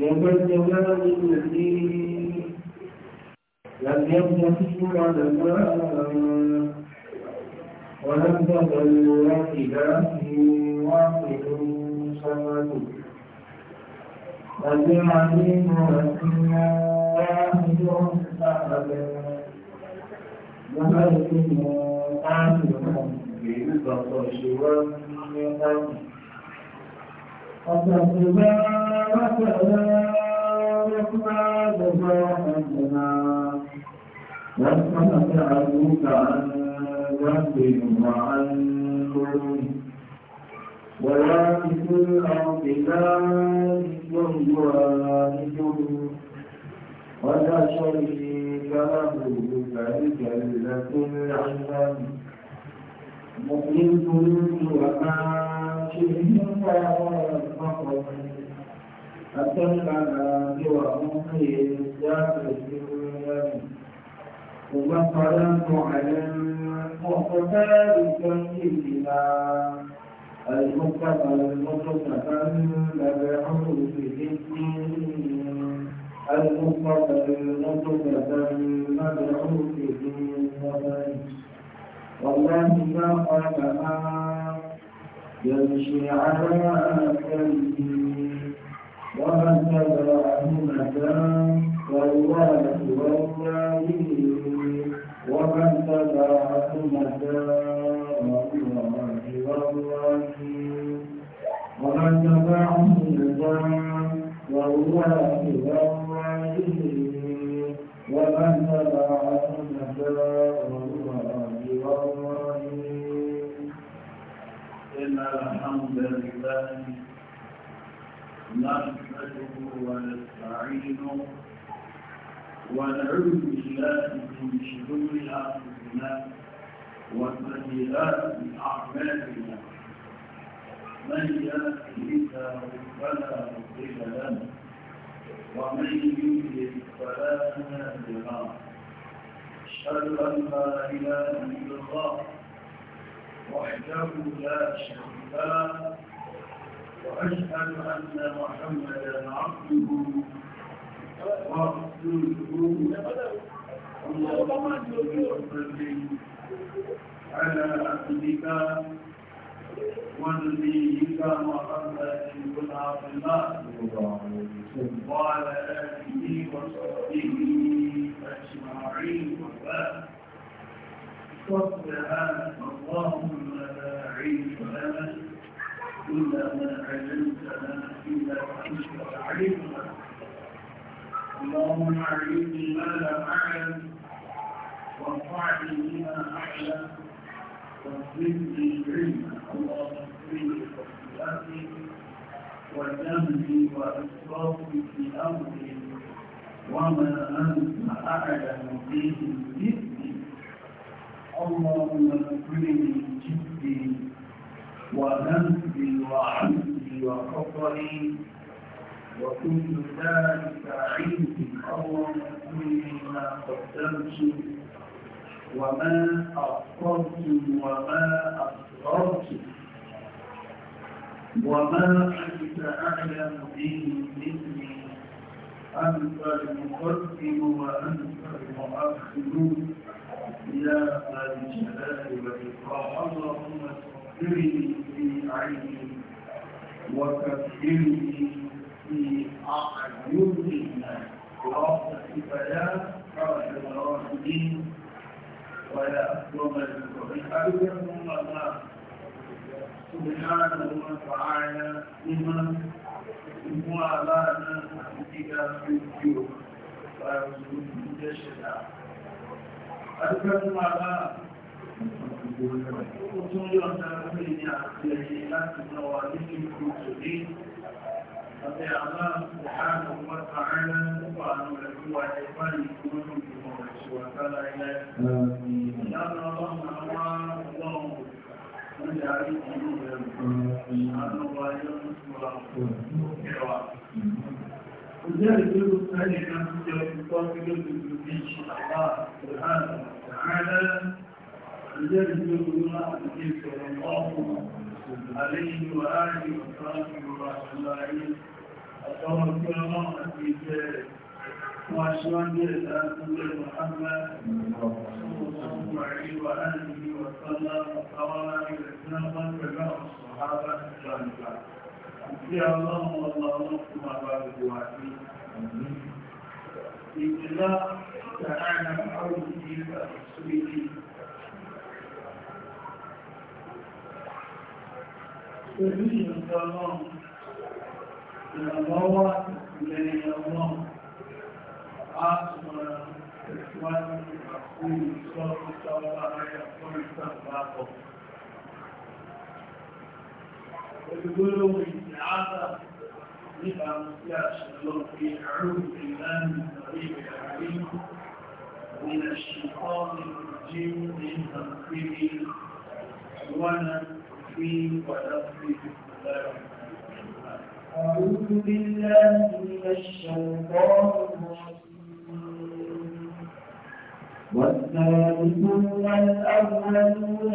يوم الجمال المدين لم يبن فيه على الماء ولم تضل وكلاه واحد صمد العليم رسول واحد أحد مهزم قاتل بالبطش والنقم وَالْقَمَرَ عَلُوكَ عَنْ ذَنْبِهِمْ وَعَنْ ظُلْمِهِمْ وَوَارِثُ الْأَرْضِ لَا يُضْلُ وَارِثُهُ وَلَا شَرِيكَ لَهُ ذَلِكَ الْعِزَّةُ الْعَظِيمُ مؤمنون وما شئهم ويرفقهم حتى المنام وهم يستغفرون ثم صلاه على المختار سيدنا المكتب المتصفى مبعوث الدين المكتب المتصفى مبعوث الدين والله ما خلقها يمشي على أكله ومن تبعه متى فهو له ومن تبعه متى ومن تبعه متى وهو إلى الله ومن تبعه متى نحمده ونستعينه ونعوذ بالله من شرور انفسنا وسيئات اعمالنا من يهده فلا مضل لنا ومن يضلل فلا هادي له اشهد ان لا اله الا الله وحده لا شريك له وأشهد أن محمدا عبده ورسوله اللهم صل وسلم على عبدك ونبيك محمد بن عبد الله وعلى آله وصحبه أجمعين وبعد سبحانك اللهم لا علم لنا إلا ما علمتنا إلا وأنت علمنا اللهم علمني ما لم أعلم وانفعني بما أعلم وزدني علما اللهم اغفرني خطيئتي وذنبي وإسرافي في أمري وما أنت أعلم به مثلي اللهم اغفرني جدي ونمسي بالوعيد وخطري وكل ذلك عندي اللهم كل ما قدمت وما أخرت وما أصغرت وما أنت أعلم به مني أنت المقدم وأنت المؤخر يا ذا الجلال والإكرام اللهم صل فكره في عيني وتفكيره في أعين الناس خلاصة بيان حرج الراحلين ولا أكرم الكريم الله سبحانه وتعالى لمن هو لنا إذا في الجوع ويسجد الشتاء أكرم الله tó yọ̀nà lórí ní àti ẹ̀yẹ láti lọ wà nínú ìgbòkò ní àti àmá ìhànà wọ́n tààrà nípa àwọn ẹ̀kọ́ àjẹ́fà ìgbòkò ìgbòkò ìṣòwàtàlá ilẹ̀ ìyára ọlọ́run àwọn ọlọ́run wọ́n jẹ́ àrí ìlú rẹ̀ àwọn ọba yọ́ ní ìwà ìrọ̀wà Ìjẹ́ ìgbèrò sẹ́yìn náà ti jẹ́ ìtọ́sílẹ̀ ìlú bí ṣe àbá ìhànà يجبرنا النبي صلى الله عليه وآله وصحبه وسلم أتوكل عليك وأشهد أن محمد صلى الله عليه وآله وسلم قال لسنا كما الصحابة الشاملة يا الله والله ما بارك وعافيك بإذن الله تعالى بحوله ورسوله torí ìrìnlẹ̀ ọlọ́run ìrànlọ́wọ́ ìlẹ̀yìn ọlọ́run á sọ̀rọ̀ tẹ̀síwájú àkóyè sọ́ọ̀tún sọ́ọ̀tún ààrẹ àkóyè sàbà bọ̀. Olùgbólóhùn The áàbà is sí àṣẹ lọ́wọ́ pé àrùn ìlànà ìtàrí ìrìnàrí من الشيطان الرجيم من تنفيذ ونفسه نفسي أعوذ بالله من الشيطان الرجيم والسابقون الأولون من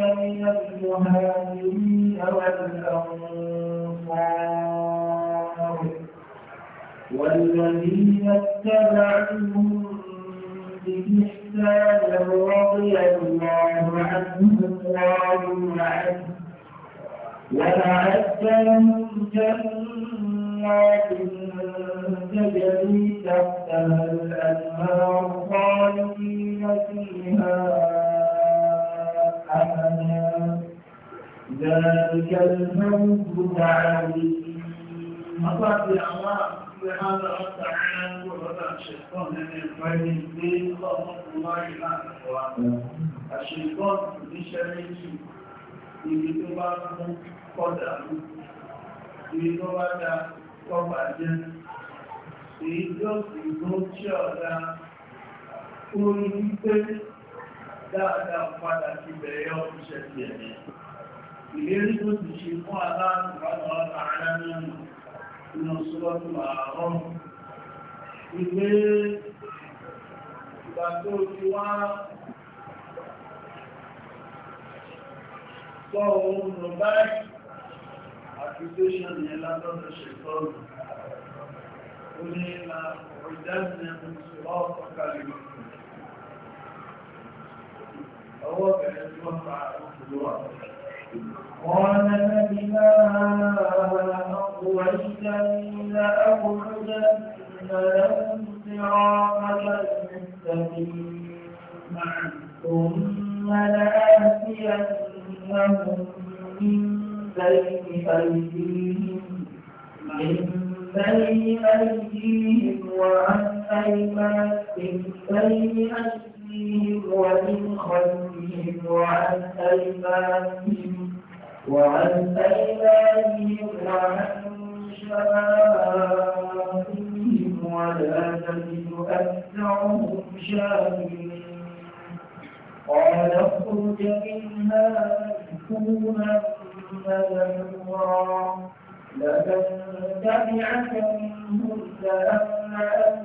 المهاجرين والأنصار والذين اتبعوهم بإحسان رضي الله عنهم ورضوا عنه لنعدهم جنات تجري تحتها الأنهار خالدين فيها أبدا ذلك الفوز العظيم الشيطان الذي يقول الله لا إله ibi tó bá fún kọ́dà ló ibi tó bá dá kọ́bà jẹ́ èyí tó sì ló tí ọ̀dá orí wípé dáadáa padà ti bẹ̀rẹ̀ ọ́fíṣẹ́ ti ẹ̀mí ìlérí tó ti ṣe fún aláàtùmọ́nà ọ̀tàrà nínú inú sọ́lọ́tù àárọ̀ ìgbé ìgbà tó ti wá sọ ohun lọ báyìí accusation yẹn látọ́dọ̀ ṣe tọ́lù ó ní ìlà ìdánilẹ̀ ọ̀pọ̀ kalẹ̀ ọwọ́ bẹ̀rẹ̀ tí wọ́n fa òṣèlú قال فبما أغويتني لأقعدن لهم صراطك المستقيم ثم لآتينهم إنهم من بين أيديهم من بين أيديهم وعن أيمانهم ومن خلفهم وعن أيمانهم وعن أيمانهم ولا تجد أكثرهم شاكرين قال اخرج منها مدحونا مدحورا تبعك منه لأملأن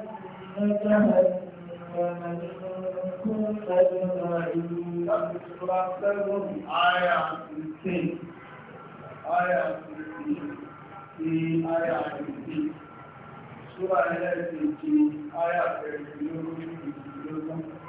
جهنم كنت أجمعين آية في آية 16 في آية في سورة التي آية 16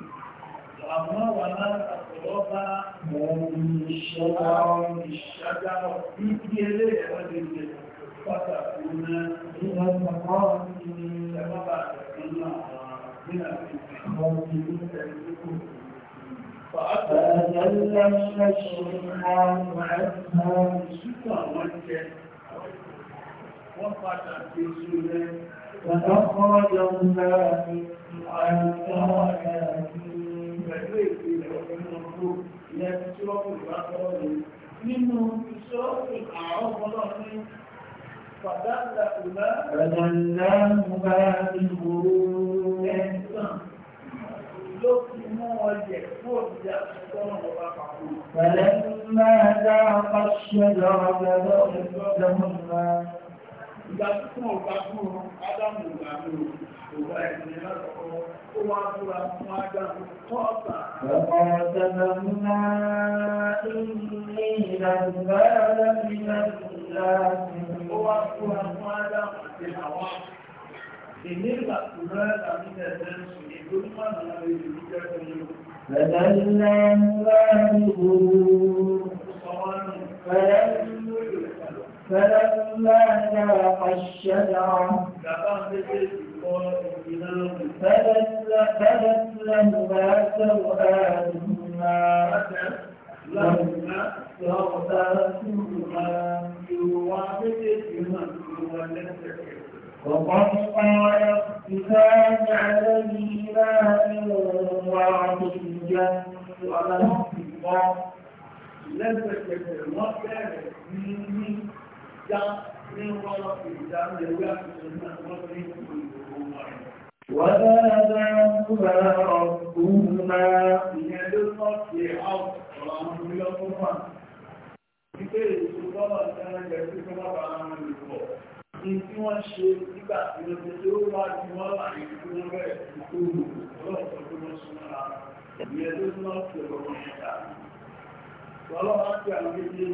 أما ولا أقرب من الشجر بالشجر في كلمة فتكون من المقاصد كما بعد من الخوف فأتجلى الشيطان عنها بشكوى وقعت في سورة فأخرج الله عن طاعته pẹ̀lú èdè rẹ̀ ọ̀pẹ̀lú ọgbọ́ ilẹ̀ tí wọ́n kò bá tọ́ rẹ̀ nínú iṣẹ́ àwọn ọmọlọ́ ní pàdánù ìlà ẹ̀dàndà mú bá ìgbòrò ẹ̀sán ló fi mú wọn fún òjìjà tọ́nà bá fún فقاتلهما إني لنبال من الناس فدلاهما بغرور فلم يدرك فلما ذاق الشجرة فبت لهما سوآتهما لهما سوآتهما عليهما من وعد الجنة ومن لم تكن المرأة وَذَٰلَ عَنْهُمَا رَبُّهُمَا لِيَلْقَفِ عَصْرًا لَهُمَا Ìgbé ìṣòkọ́lọ̀ tẹ́rẹ jẹ́ sí fún ọ̀pàá àwọn olùkọ́. Ní tí wọ́n ṣe nígbà tí ó ti ó wá jù wọ́n láàrin tí wọ́n bẹ̀rẹ̀ sí kúrò ọlọ́pọ̀ tó wọ́n súnmọ́ ara. Ìyẹ́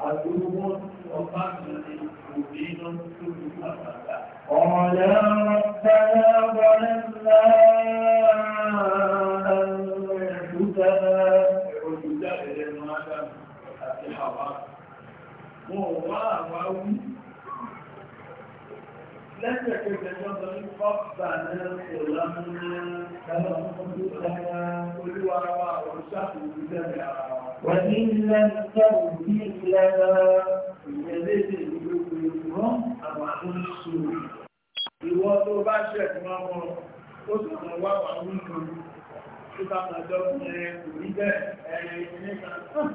عدو وقتل مبين ثم قالا ربنا ظلمنا أنفسنا عدو إلى المعدم أتحرك وهو ما lẹ́sẹ̀ kẹfẹ́ lọ́dọ̀ ní kọ́pà náà kò lọ́mọ́ná lọ́wọ́ olúwa olúwa wa olùṣàkóso ìjẹ́bẹ̀ ara wa. wọ́n ní lẹ́sẹ̀ òbí lẹ́wọ́ ìyẹ̀lẹ́ lè ló pé wọ́n àwọn àkóso. ìwọ tó bá ṣẹ̀ fún ọmọ ó sì mọ wá wà wí kan tó bá máa jọ fún ẹ kò rí bẹ́ẹ̀ ẹ ẹ ní kan.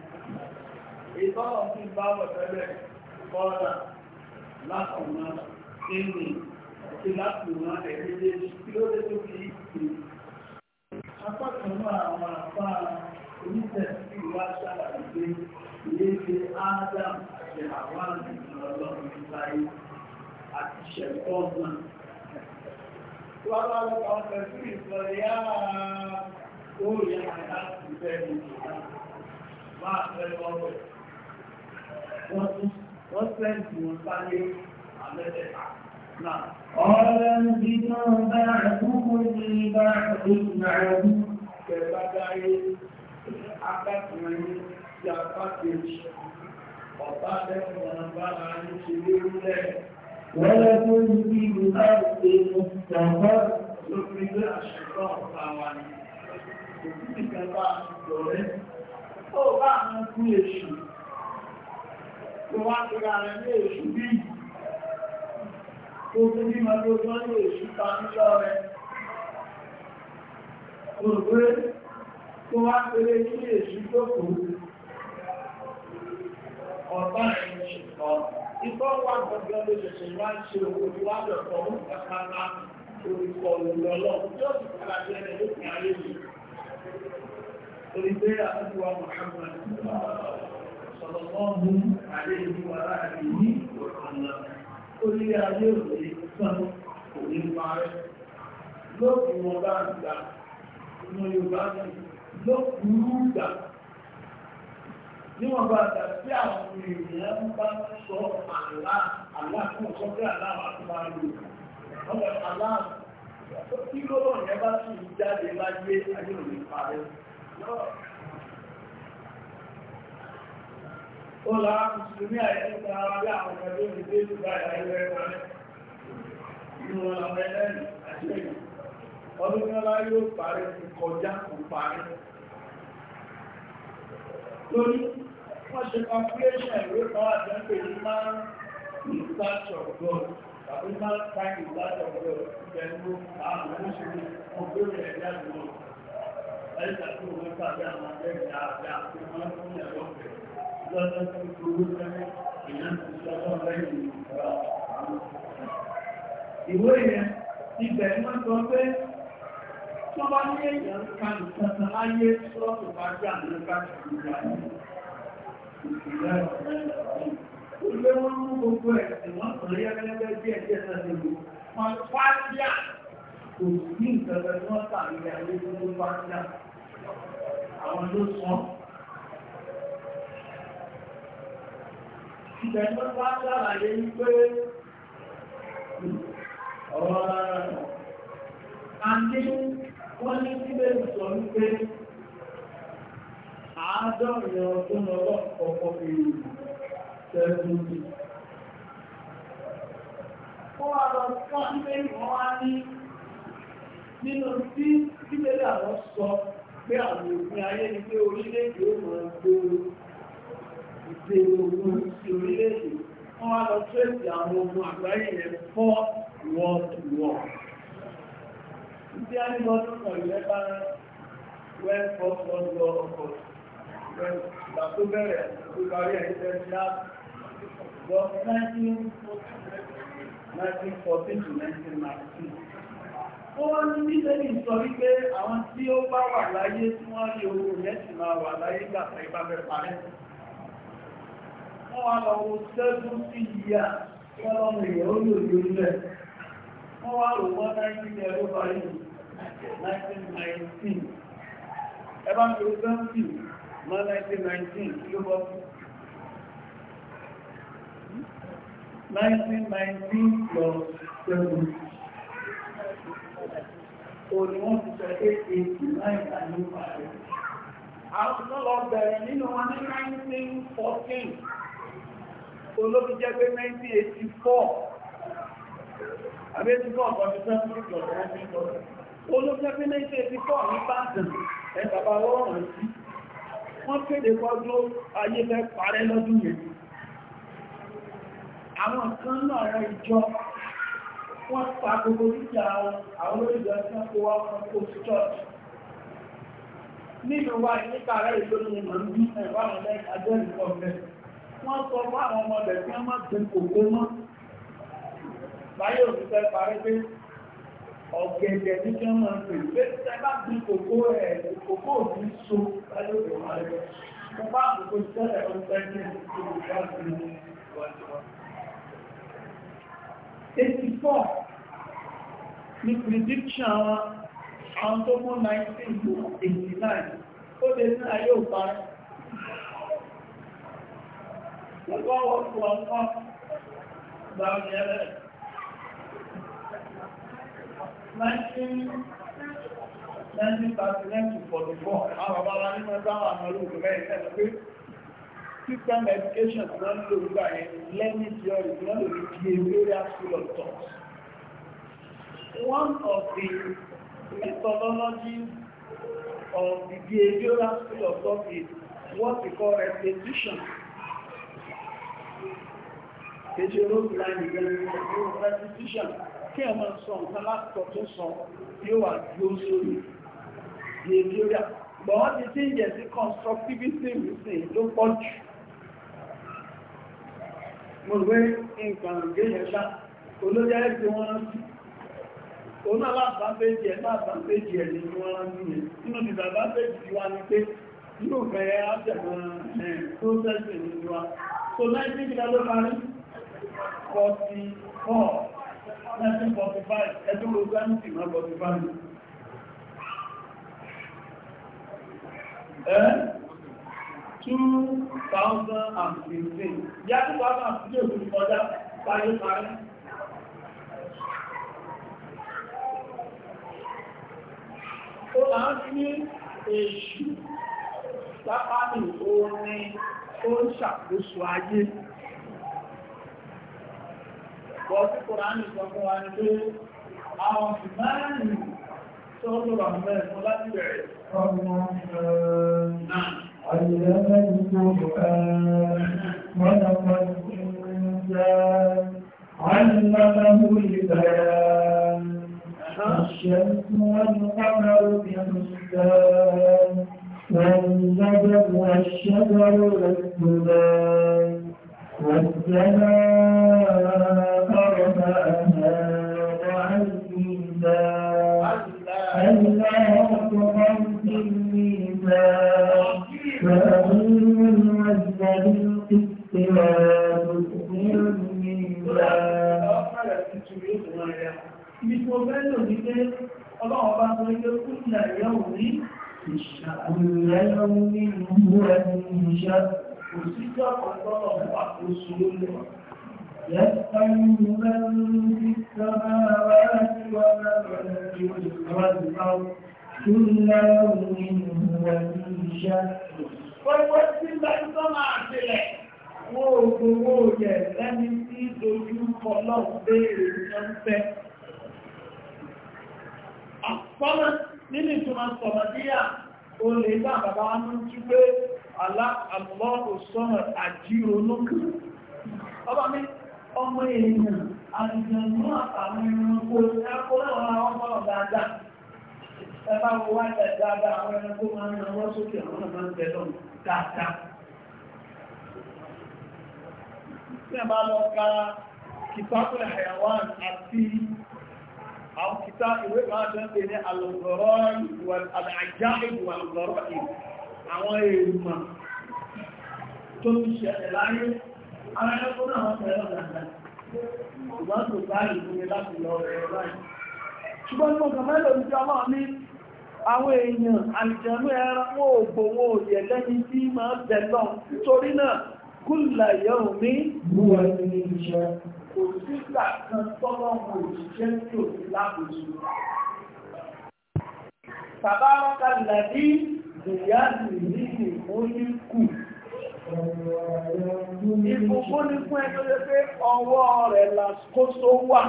ìtọ́lọ̀ sí bá wọ̀tẹ́lẹ̀ kọ́ọ̀dà látọ̀nà ẹni àti látọ̀nà ẹ̀rẹ́dẹ́ kí ló dé tó fi ìpè. apákanú àwọn àpá onítẹ̀sí wá ṣàlàyé pé ilé ṣe Adam àti àwọn àgbẹ̀mọ̀ ọlọ́run láyé àti ṣẹ̀kọ́ náà. wọ́n bá wọ́n kọ́ ọ́n sí ìsọ̀rí yára ó yẹ àyà ìbẹ̀rù ìjọba máa fẹ́ lọ́wọ́ wọ́n tún wọ́n sẹ́ǹtì wọn sáré àmẹ́tẹ̀ẹ̀ta náà. ọ̀rọ̀ ń bí náà bá àkókò ní bá àkókò àrùn kẹfà dáyé akẹ́kọ̀ọ́ ní ti apá kejì ọ̀pá lẹ́kọ̀ọ́ náà bá àárín ṣe lérúlẹ̀. wọ́n lè tó ń bí ìlú náà ṣe mú tó wá ti ra rẹ̀ ní èṣù bí tó tó ní ma tó tọ́ ní èṣù ta ní lọ rẹ̀ òwe tó wá pèrè ní èṣù tó kù ọ̀tá ìrìnṣẹ̀ tọ́ ìtọ́ wà gbọ́gbọ́ ló ṣẹ̀ṣẹ̀ wá ń ṣe owó tí wá bẹ̀ tọ́ mú kàkàkà orúkọ olùlọ́lọ́ tí ó sì padà jẹ́ ẹni lókè ayé ọ̀pọ̀lọpọ̀ àléébù aláàrí ní ọ̀pọ̀lọpọ̀ orí ayé òní sán òní parẹ́ lókùn wọn bá ń gbà ọmọ Yorùbá ní lókùrú gbà níwọ̀n bá gbà sí àwọn ènìyàn ń bá sọ àlá àlá fún ọ̀sọ́ pé àlá wà tó máa lò ọmọ àlá tí lọ́wọ́ yẹn bá sì jáde láyé ayé òní parẹ́ ó lára mùsùlùmí àìsíta ara bí àwọn ọmọdé ní dé ìlú báyìí ayé ẹ̀kọ́ rẹ̀ inú wọn làwọn ẹlẹ́rìí àti ẹ̀yìn ọdún mẹ́lá yóò parí ti kọjá kò parí lórí wọ́n ṣe calculation ìwé kan àjẹ́pẹ̀ ní máa ń ìsáàtì ọ̀gbọ́n tàbí máa ń ká ìsáàtì ọ̀gbọ́n ìgbẹ̀rún àwọn oníṣèlú ọgbẹ́rún ẹ̀dá ìlú ẹ̀dá tó wọ́n tàbí àwọn akẹ́kẹ̀ẹ́ àti àwọn akẹ́kẹ̀ẹ́ Ìwé yẹn, ibẹ̀ wọ́n sọ pé tó bá ní èèyàn kanù kankan láyé sọ́ọ̀tù bá jà ní káàkiri ìgbà yìí. Ìgbìyàn ọ̀rẹ́ Ilé wọn mú gbogbo ẹ̀ tí wọ́n sọ yẹ́ gẹ́gẹ́ bí ẹ̀jẹ̀ náà ti lò. Wọ́n fájá kò sí nǹkan tí wọ́n tàbí ayé tó fájá. Àwọn ló sọ ibẹ̀ tó bá ṣàlàyé wípé ọ̀rọ̀ àti wọ́n ní síbẹ̀ sọ wípé àádọ́rin ọdún ọlọ́pọ̀ọpọ̀ èrò tẹ́lú ní. Ó wà lọ fún ilé ìwọ̀n wá ní nínú tí síbẹ̀ àwọn sọ pé àwọn òfin ayé ni pé orílẹ̀-èdè ó máa gbòòrò ìgbé ogun ti orílẹ̀-èdè wọ́n wá lọ tírèsì àwọn ogun àgbáyé yẹn fọ́ world Ìdí ánìlọ́dún kan bá wẹ́n fọ́ world ó ní nílẹ̀lì sọ wípé àwọn tí ó bá wà láyé tí wọ́n rí máa wà láyé gbàtà parẹ́ wọ́n wá lọ wo sẹ́dún sí ìyá wọ́n lọ́mọ ìyẹ̀ ó lò ló lẹ̀ wọ́n wá lò wọ́n 1919 ẹbá ń lo sẹ́dún mọ́ 1919 kí ló bọ́ 1919 plus 7 òní wọ́n ti sọ 889 àní pàdé àwọn tó lọ bẹ̀rẹ̀ nínú wọn ní 1914 olóbi jẹ́ pé 1984 abẹ́síkọ́ ọ̀pọ̀lọpọ̀ olóbi jẹ́ pé 1984 ní báńtàn ẹgbàbà rọrùn sí wọ́n kéde kọjú ayé fẹ́ parẹ́ lọ́dún yẹn àwọn kan náà rẹ ìjọ wọ́n pa gbogbo títà àwọn olóòjọ́ tí wọ́n kó wá fún post church nínú wa ìníkà rẹ̀ ìlú ni mọ̀ ń bí ẹ̀wà ọ̀lẹ́ àjẹ́ ìkọ̀ọ̀lẹ́ wọ́n sọ fún àwọn ọmọdé tí wọ́n máa tún kòkó mọ́. Báyé òṣìṣẹ́ parí pé ọ̀gẹ̀dẹ̀ ní kí wọ́n máa pè pé ṣẹ́ bá tún kòkó ẹ̀ kòkó òní so báyé òṣìṣẹ́ parí pé. Mo bá àkókò ìṣẹ́lẹ̀ ọ̀sẹ̀ ní ìṣẹ́lẹ̀ 84 ní prediction àwọn tó mú 1989 ó lè ní ayé òparí. Gbogbo wọn tó wọn kọ́ gba ọ̀nà ẹ̀rẹ́. Nineteen thirty nine to forty four, àwọn bàbá wa ní mẹ́ta wà ní system education ti wọ́n lò nígbà yẹn learning theory ti wọ́n lò ní behavioral school of thought. One of the methodologies of the behavioral school of thought is what we call repetition kéṣe róògbà nìgbẹ̀rẹ̀ repetition kí ẹ̀mọ́ sọ nǹkan látọ̀ tó sọ yóò wà bí ó sórí behavioral but wọ́n ti tí ń jẹ́ sí constructivism sí ló pọ̀ jù mo rò pé nǹkan ìgbéyẹn ṣá olóyè ẹgbẹ́ wọn rántí òun alábàápéjì ẹ̀ lábàápéjì ẹ̀ nínú wọn ní ẹ̀ nínú ti bàbápéjì wá ní pé yóò fẹ́ ájẹ̀mọ́ ẹ̀ tó sẹ́sẹ̀ nínú wa so láìpínlẹ̀ ló parí 44 1945 ẹdún rosanti ma 45 ẹ́ 2015 yàtúwà máa sí òkú kọjá parí parí ó máa ń ní èṣù lápá ní òun ni ó ń ṣàkóso ayé bọ́ sí kòránì sọ fún wa ní pé àwọn ìmáàrùn tó lọ́rọ̀ mẹ́rin láti bẹ̀rẹ̀ ọmọ náà àìyẹ́mẹ́ ìjọba mọ́nàmọ́ ìjọba علمه البيان الشمس والقمر بحسبان والنجم والشجر يسجدان والسماء رفعها وعلى الميزان ألا تقم في الميزان فأقيم الوزن بالقسط ولا تخسر الميزان Ìfòfẹ́lò ní pé ọlọ́run bá sọ ilé kúrò ìyàwó rí ìṣàkúrò lẹ́yọ́ ní ìlú ẹni ìṣàkúrò. òṣìṣẹ́ ọ̀pọ̀lọpọ̀ àkóso lórí wọn. يسأل من في السماوات والأرض والأرض كل يوم وفي شهر ويوسل بحث ما عسله Oògùnwó jẹ̀ lẹ́ni tí ojú kọlọ̀ béèrè ṣe ń fẹ́. Àpọ́nà nínú ìtumọ̀ sọ̀mọ̀díyà, olè bá bàbá wọn jú pé aláàlọ́pù sọ́nà àjíròlókù ọba ní ọmọ èèyàn àjìjànú àtàwọn ẹranko ẹranko ọmọ dáadáa ẹbá wọ́n wá àwọn ẹranko máa ń rán sókè àwọn ọmọ ìbẹ̀lọ́ a bá lọ àwọn kìtà ìwé máa jẹ́ ní àwọn èrùmọ̀ tó ń ṣẹlẹ̀ láyé ara ẹ̀kọ́ náà wọ́n tẹ̀lọ́ dáadáa ṣùgbọ́n tó báyìí fún mi láti lọ ẹ̀rọ báyìí ṣùgbọ́n ní ọkàn mẹ́lẹ̀ òjò ọlọ́run ní àwọn èèyàn àlìjẹ̀mú ẹran wọn ò gbòwò òyẹ̀ lẹ́ni tí máa bẹ̀lọ́ nítorí náà kúlà yẹ̀wò mi búwa ní iṣẹ́ kò sígbà kan tọ́lọ́ mọ̀ òṣìṣẹ́ tòsí lábòsí tàbá rọ́kà lẹ́bí ìyáàdì ní ìfúnníkù ìfúnníkù ẹgbẹ́ pé ọwọ́ rẹ̀ làkóso wà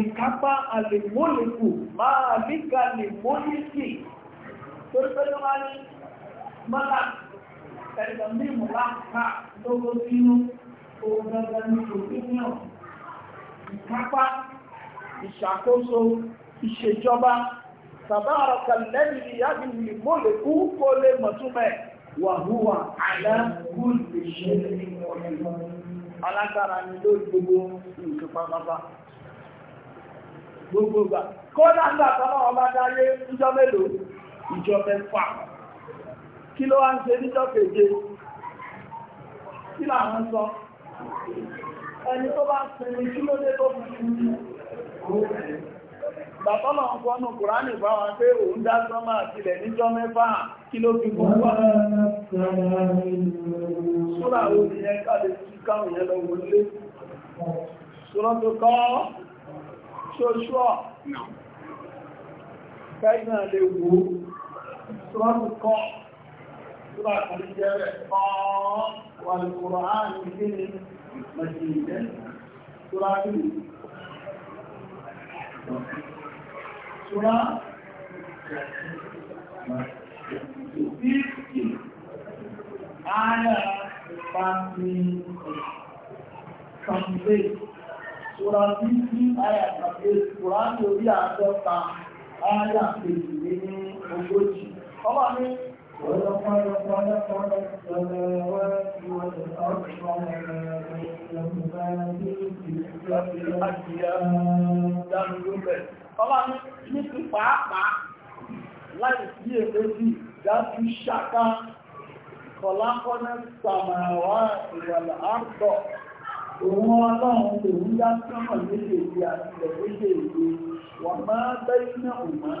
ìkápá àlèmólèkù máa níka lèmólèkì tó rí pẹ́lú wá ní mọ́lá ẹ̀sẹ̀ mímú láàká lógó sínú ohun gbogbo ní òpínìyàn ìkápá ìṣàkóso ìṣèjọba tàbárakà lẹ́yìn ìyáàbí ni mo lè kú kó lè mọ̀túnmẹ̀ wà húwà aláàbùlè ṣe alágbára ni lórí gbogbo nǹkan pápápá gbogbo gbà kó dáńgbà tọ́lá ọba dáyé níjọ́ mélòó ìjọ mẹ́fà kí ló wá ń ṣe níjọ́ keje kí làwọn sọ ẹni tó bá sinmi kí ló dé tó fi Bàtọ́lọ̀ ń fọ́nù Kùránì bá wọn pé òun dá sọ́mà sílẹ̀ níjọ́ mẹ́fà kí ló fi fún wọn. Súra wo ni ẹ káàdé sí káwọn yẹn lọ wọlé? Súra tó kọ́ ṣoṣọ́. Kẹ́gbọ̀n lè wò ó. Súra tó kọ́. Súra kan jẹ́ rẹ̀ kọ́ wà ní Kùránì Súra fífì ààrẹ pàtí kàmùlé. Súra fífì ààrẹ pàtí Súra ní orí àádọ́ta ààrẹ àpèjì ní ogójì. Ọba ní ولقد خلقنا السماوات والأرض وما بينهما في ستة Ọlọ́run ní ti pàápàá láì sí èdè sí dájú ṣàká kọlákọ́nà sàmàwà ìwàlẹ̀ àpọ̀. Òun ọlọ́run tó ń dá sọ́mọ̀ lédè ìdí àti ẹ̀lẹ́dẹ̀ ìdí wà máa bẹ́ iná òun máa.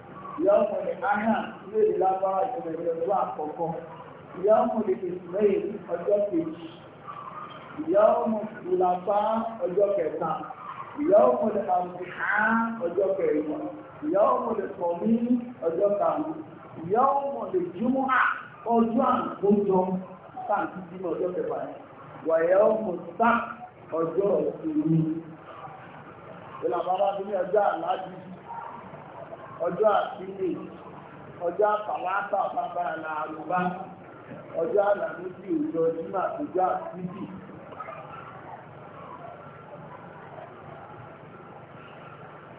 ìyá ọkùnrin anna léde lágbára ìṣẹ̀lẹ̀ ìlú ọjọ́ àkọ́kọ́ ìyá ọkùnrin israel ọjọ́ kejì ìyá ọkùnrin ìlàpá ọjọ́ kẹta ìyá ọkùnrin àmùhá ọjọ́ kẹrin ìyá ọkùnrin kọ̀mí ọjọ́ karùn-ún ìyá ọkùnrin jùmọ̀á ọjọ́ àkójọ sáǹtì bímọ ọjọ́ kẹfà wàyẹ ọkùnrin sá ọjọ́ ìsinmi ìlàpá bá ti ní ọjọ́ àlájú ọjọ́ àtìlè ọjọ́ àpàlátà bàbá àlàrúbá ọjọ́ àlàmúsì òjò jimá ọjọ́ àtìlè.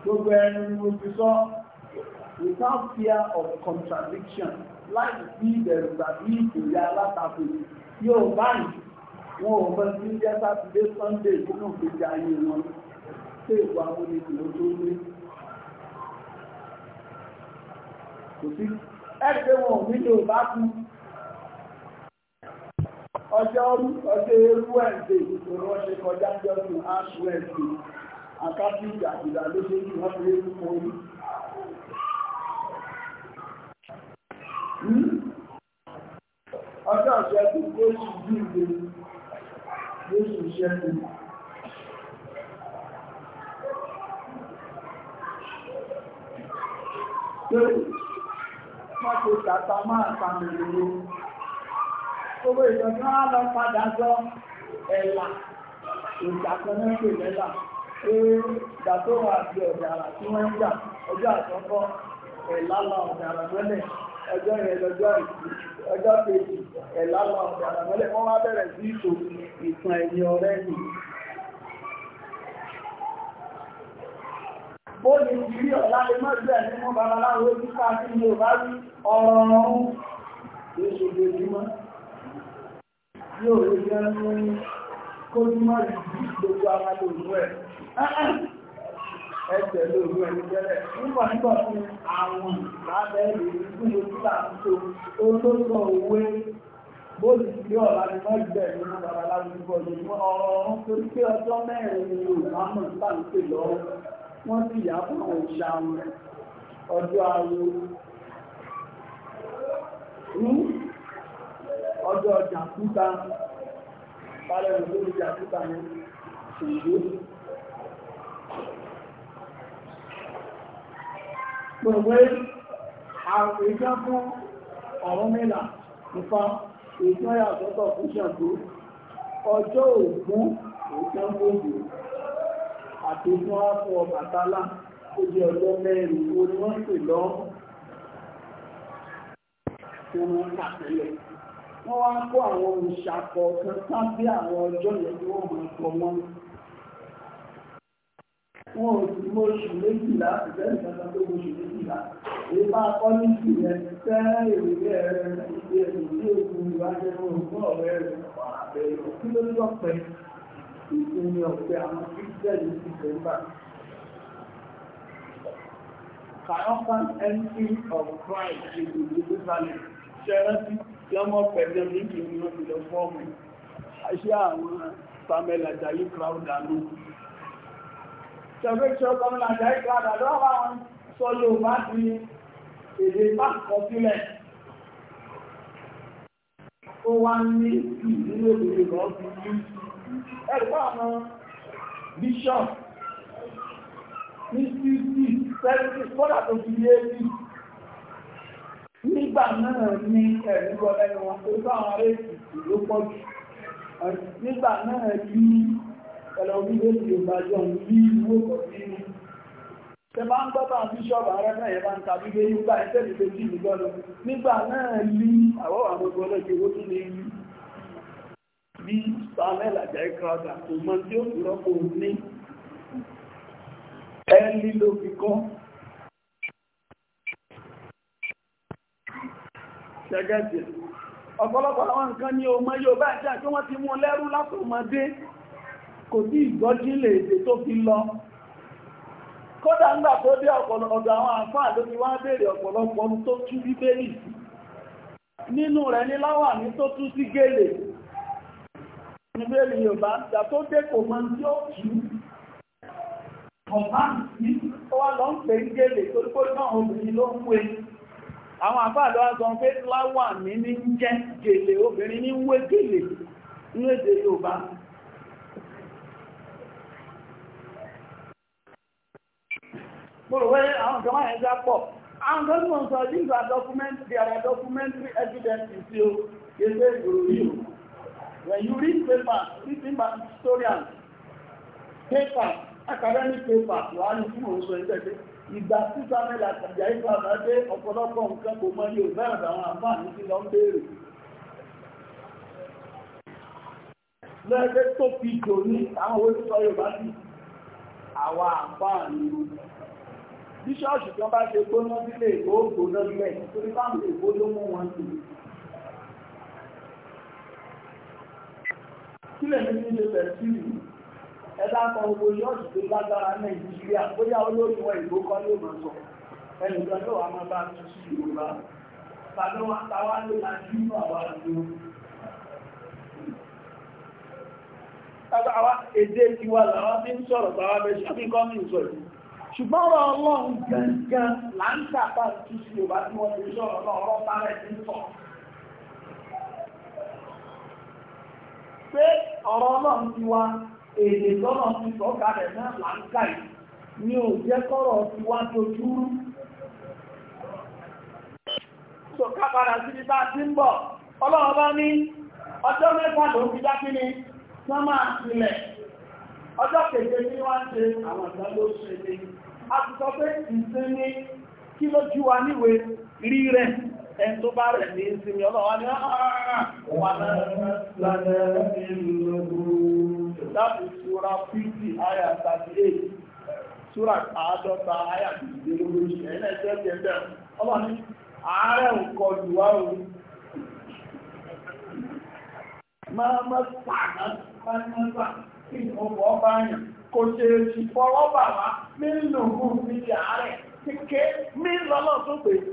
gbogbo ẹni mo ti sọ without fear of contradiction láì sí ìbẹ̀rù tàbí ìkòyà alátakò yóò báyìí wọn ò mọ sí jẹ́ sátidé sunday nínú ìgbésí ayé wọn tí èkó àwọn oníṣòwò tó lé. kò sí ẹgbẹ́ wọn ò nílò bá kú ọjọ́ ọrú ọjọ́ eru ẹ̀ǹdè ìṣòro wọn ṣe kọjá jọ́sùn aṣù ẹ̀ǹdè àkábí ìgbàgbìlà ló ṣe kí wọ́n fi lé fún orí hmm? ọjọ́ ìṣẹ́gun lóṣù jíìde lóṣù ìṣẹ́gun lóṣù ló kàtà máa pàmì lòrò gbogbo ìjọba á lọ padà jọ ẹ̀là ìjàkọ́nẹ́pè lẹ́là pé ìgbà tó wà àti ọ̀dàrà tí wọ́n ń jà ọjọ́ àkọ́kọ́ ẹ̀lálà ọ̀dàrà mẹ́lẹ̀ ọjọ́ yẹn lọ́jọ́ ìsìn ọjọ́ kejì ẹ̀lálà ọ̀dàrà mẹ́lẹ̀ wọ́n wá bẹ̀rẹ̀ sí ìtò ìtàn ẹ̀yìn ọ̀rẹ́ nìyí ó lè rí ọ̀lá lè mọ́ ìgbẹ́ ní mọ́ babaláwo tí ká sí ilé ò bá rí ọ̀rọ̀ ọ̀hún lè ṣe ojoojúmọ́ bí ò lè jẹ́ ní kójúmọ́ ìdí gbogbo ara lòlú ẹ̀ ẹ̀jẹ̀ lòlú ẹ̀ ní tẹ́lẹ̀ nígbà nígbà fún àwọn lábẹ́ ìlú fún ojú làǹtó ó tó sọ òwe bóòlù sí ọ̀la ni wọ́n gbẹ̀ ní ọmọ babaláwo ní bọ́ọ̀lù ọ̀rọ̀ ọ̀hún torí pé ọjọ́ mẹ́rin ni Yorùbá mọ̀ nípa lọ́wọ́ wọ́n ti yà fún àwọn ìṣàmù ọjọ́ ayé ní ọjọ́ jàkúta parẹ́ ìlú jàkúta ní ṣèlú pẹ̀lú àwọn ìjọ fún ọ̀rọ̀ mẹ́là nìkan ìjọ yàtọ̀tọ̀ fún ṣàgbó ọjọ́ ògún ìjọ fún ìjọ àti fún àpò ó jẹ́ ọjọ́ mẹ́rin ó ní wọ́n pè lọ tí wọ́n wọ́n wá kó àwọn òṣàkọ̀ kan sábẹ́ àwọn ọjọ́ yẹn tí wọ́n máa kọ wọ́n wọn ò sí oṣù méjìlá ìbẹ̀rẹ̀ ìjọba tó oṣù méjìlá èyí bá kọ́ ní ìpìlẹ̀ tẹ́ ìrìnlẹ̀ rẹ̀ ìgbé ẹ̀sìn tí òkú ìwájú ọ̀rẹ́ rẹ̀ wà bẹ̀rẹ̀ kí ló ń lọ́pẹ́ ìsinmi ọ̀pẹ àwọn Israẹli ti bẹ̀rẹ̀ Triumphant entry of Christ in into Jerusalem. Ṣẹ́rántí lọ́mọ pẹ̀lú méjì ní wọ́n ti lọ fọ́ọ̀mù. Aṣẹ́ àwọn Pamela Jayi Crowder ló. Ṣẹ̀fẹ́ṣọ́ Pamela Jayi Crowder lọ́wọ́ àwọn sọ Yorùbá ti èdè bá kọ sílẹ̀ ó wá ní ìdílé òdòdó lọ sí ẹ̀rọ àwọn bishop ní fífí sẹ́ẹ̀tì kọ́lá tó fi yé bí nígbà náà ní ẹ̀rí wọlé wọn tó bá àwọn ará èsì ló pọ̀ jù nígbà náà ní ẹ̀rọ orílẹ̀ èdè ìgbàjọ ní ìwé kọ̀ọ̀tì ní ṣe bá ń gbọ́bà bíṣọ́bù arẹ́fẹ́ yẹn bá ń tàbí gbé nígbà ẹ̀sẹ̀ ìgbèjì ìgbọ́lọ nígbà náà ní àwọn àwọn ọmọ ọgbọ́lọ́ ìgbèwó tún ní bí samuel àjẹ́ kọ́ọ̀dà kò mọ́ tí ó rọ́pò ní ẹ́lì ló fi kọ́ ṣẹ́gẹ́sì ọ̀pọ̀lọpọ̀ àwọn nǹkan ní ọmọ yóò bá jẹ́ kí wọ́n ti mú lẹ́rú látọmọdé kò tí ìgbọ́jílẹ̀ èdè tó fi lọ kódà ńgbà tó dé ọ̀pọ̀lọpọ̀ àwọn àǹfàà ló ti wá béèrè ọ̀pọ̀lọpọ̀ tó tú bíbélì nínú rẹ̀ ni láwà ní tó tú sí gèlè níbẹ̀rẹ̀ yorùbá ìjà tó dé kò mọ tí ó kì í ọ̀pá ní ó wá lọ ń pè ń gèlè tó kó náà obìnrin ló ń wé àwọn àfáàdọ́ wá sọ pé láwà ní ní ń jẹ́ gèlè obìnrin ní ń wé gèlè ní èdè yorùbá Gbọ́rọ̀wẹ́ àwọn ìjọba ẹ̀ṣẹ́ pọ̀. Àwọn gọ́ọ̀mọ̀ sọ, these are documentary, they are documentary evidence, ìṣẹ́ o, kí ẹgbẹ́ ìgbòrò o. When you read paper, written by historian, paper, academic papers, wà á ní fún oṣù ẹgbẹ́ pé ìgbà títà mẹ́lẹ̀ àtàjà ìgbà àbájẹ́ ọ̀pọ̀lọpọ̀ nǹkan kò mọ yóò bẹ́ẹ̀ rẹ̀ àwọn àǹfààní tí lọ ń béèrè. Lẹ́gbẹ́ tó fi jò ní àwọn oníṣọ́ Yorùbá sí àwọn àǹfààní bíṣọ́ọ̀ṣù kan bá ṣe gbóná sílé ìgbóògbó lọ́gbẹ̀ẹ́ torí fáwọn èkó ló mú wọn sí kílẹ̀ ní ní ṣe tẹ̀sílì ẹ̀dá kan gbogbo yọ́ọ̀sì tó lágbára nàìjíríà bóyá olórí wọn ìlú kan ló máa sọ ẹnìkan yóò wá máa bá tún sí yorùbá tàbí wọn táwa ló máa ń nínú àwa àjò tàbáwá èdè ti wà láwá tí ń sọ̀rọ̀ tàwà bẹ ṣàbí kọ́mí ìsọ̀rọ̀ ṣùgbọ́n ọ̀rọ̀ ọlọ́run gẹ̀ẹ́gẹ́ là ń tàbá tún sí yorùbá tí wọ́n ti sọ̀rọ̀ náà ọ̀rọ̀ pé ọ̀rọ̀ ọlọ́run ti wá èdè lọ́nà ti sọ kalẹ̀ náà là ń kà yìí ni ò jẹ́ kọ́rọ̀ ti wá dojú rú. sọ ká padà síbi bá ti ń bọ̀ ọlọ́run bá ní ọjọ́ mẹ́fà ló fi dá kíni ní wá ń ṣe àwọn ìgbà ẹni tó bá rẹ̀ ní ìsinmi ọlọ́wà ní ọ̀wà lánàá ìlúgbò láti ṣúra 50 àyà 38 ṣúra àádọ́ta àyà ìdílógójì ẹ̀nà ẹ̀jẹ́ ẹ̀jẹ́ ọlọ́wà ní ààrẹ ǹkọ jùwá o máa mọ́ sàánà máa mọ́ sàánà kí ọkọ̀ ọba yàn kò ṣe ìfọwọ́bà wá nílùú ní ààrẹ kéèké mí lọ́lọ́ tó pèsè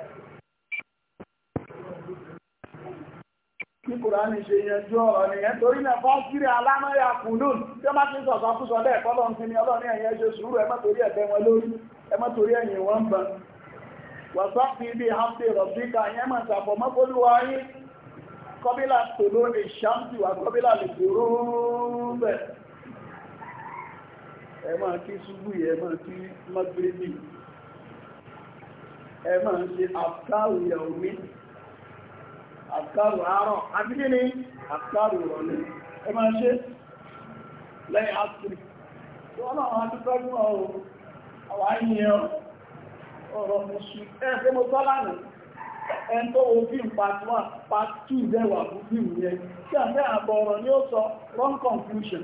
ní kùránì ṣe yanjú ọ̀rọ̀ nìyẹn torí náà fọ́ sírí alámọ́yà kùnún tí wọ́n bá ti ń sọ̀sọ́ fúsọ bẹ́ẹ̀ fọ́lọ́n sí ni ọlọ́ni ẹ̀yẹn ṣe sùúrù ẹ má torí ẹ̀bẹ̀ wọn lórí ẹ má torí ẹ̀yìn wọn bá wàsá fi ibi hamdi rọ̀bíkà yẹn mọ̀ sàfọ̀ mọ́kólúwa yín kọ́bílà tòló lè ṣáǹtì wà kọ́bílà lè àkàrù àárọ̀ àti kí ni àkàrù ìrọ̀lẹ́ ẹ máa ṣe lẹ́yìn àtìrì tó wọ́n náà wọ́n ti tọ́jú ọ̀rọ̀ àwọn àyíyàn ọ̀rọ̀ mùsù ẹ̀ pé mo tọ́ lánàá ẹn tó part one part two dẹ́wà fún fíìm yẹn tí àmì àbọ̀ ọ̀rọ̀ conclusion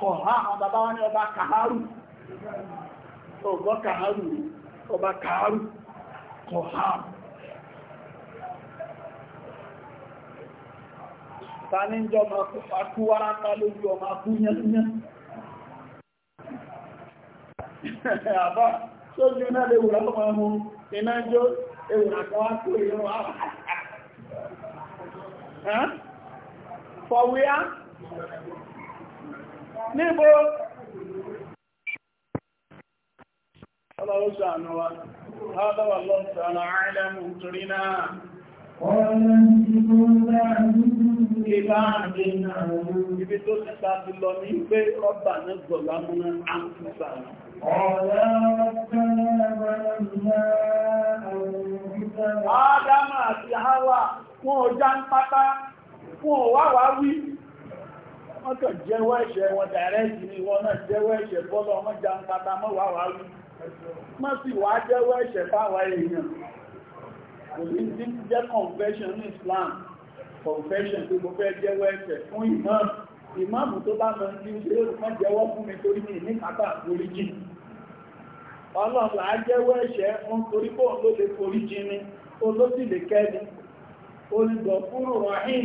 kọ̀há àwọn bàbá wá ní ọba kàárù ọgbọ́ kàárù ọba kàárù kọ̀há tàníjọ ma kú wára ká lójú ọmọ akú yẹnyẹ àbá sójú náà lè wùrá ọmọ ọmọ iná jọ ewùrà ha ha kó ìrún fọwíá níbo ọlọ́wọ́ sàánà wa hábáwà lọ́sàánà àìlẹ́mù torí náà Ibi tó ti ta ti lọ ní pé ọba náà gbọ̀lá múná àkùsà. Ọ̀lá Ádámà àti Háwà, wọn ò já ń pátá, wọn ò wá wá wí, wọ́n kàn jẹ́wọ́ wọn dàrẹ́ẹ̀tì ni wọ́n náà jẹ́wọ́ ẹ̀ṣẹ̀ bọ́lọ̀ ọmọ já ń pata mọ́wàá wà rí má sì wá jẹ́wọ́ ẹ̀ṣẹ̀ èèyàn kò ní jẹ́ confession ní Islam confession tó mo fẹ́ jẹ́wọ́ fún imam tó bá mọ ní ṣe jẹ́wọ́ fún mi torí kàtà torí ló lè rahim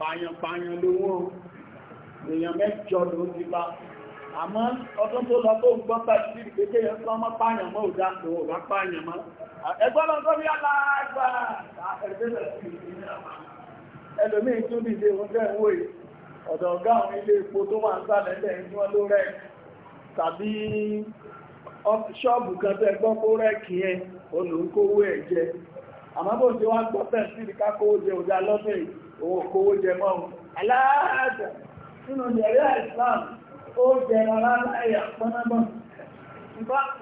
pààyàn-pààyàn ló wọ́n èèyàn mẹ́jọ ló ti bá àmọ́ ọdún tó lọ tó gbọ́n bá sí ìgbésẹ̀ yẹn tó ọmọ pààyàn mọ́ òdá tó wà pààyàn mọ́ ẹgbọ́n lọ tó bí aláàgbà ẹlòmíì tún bí ilé oúnjẹ ìwò yìí ọ̀dọ̀ ọ̀gá àwọn ilé epo tó wà ń sàlẹ̀ ilẹ̀ tí wọ́n ló rẹ̀ tàbí ṣọ́ọ̀bù kan tó ẹgbọ́n kó rẹ̀ kí ẹ olùkówó ẹ̀ jẹ àmọ́ bó owó kówó jẹ mọ́ aláàjà nínú ìjẹ̀rẹ́ islam ó jẹ ara láyà pọ́nàmọ́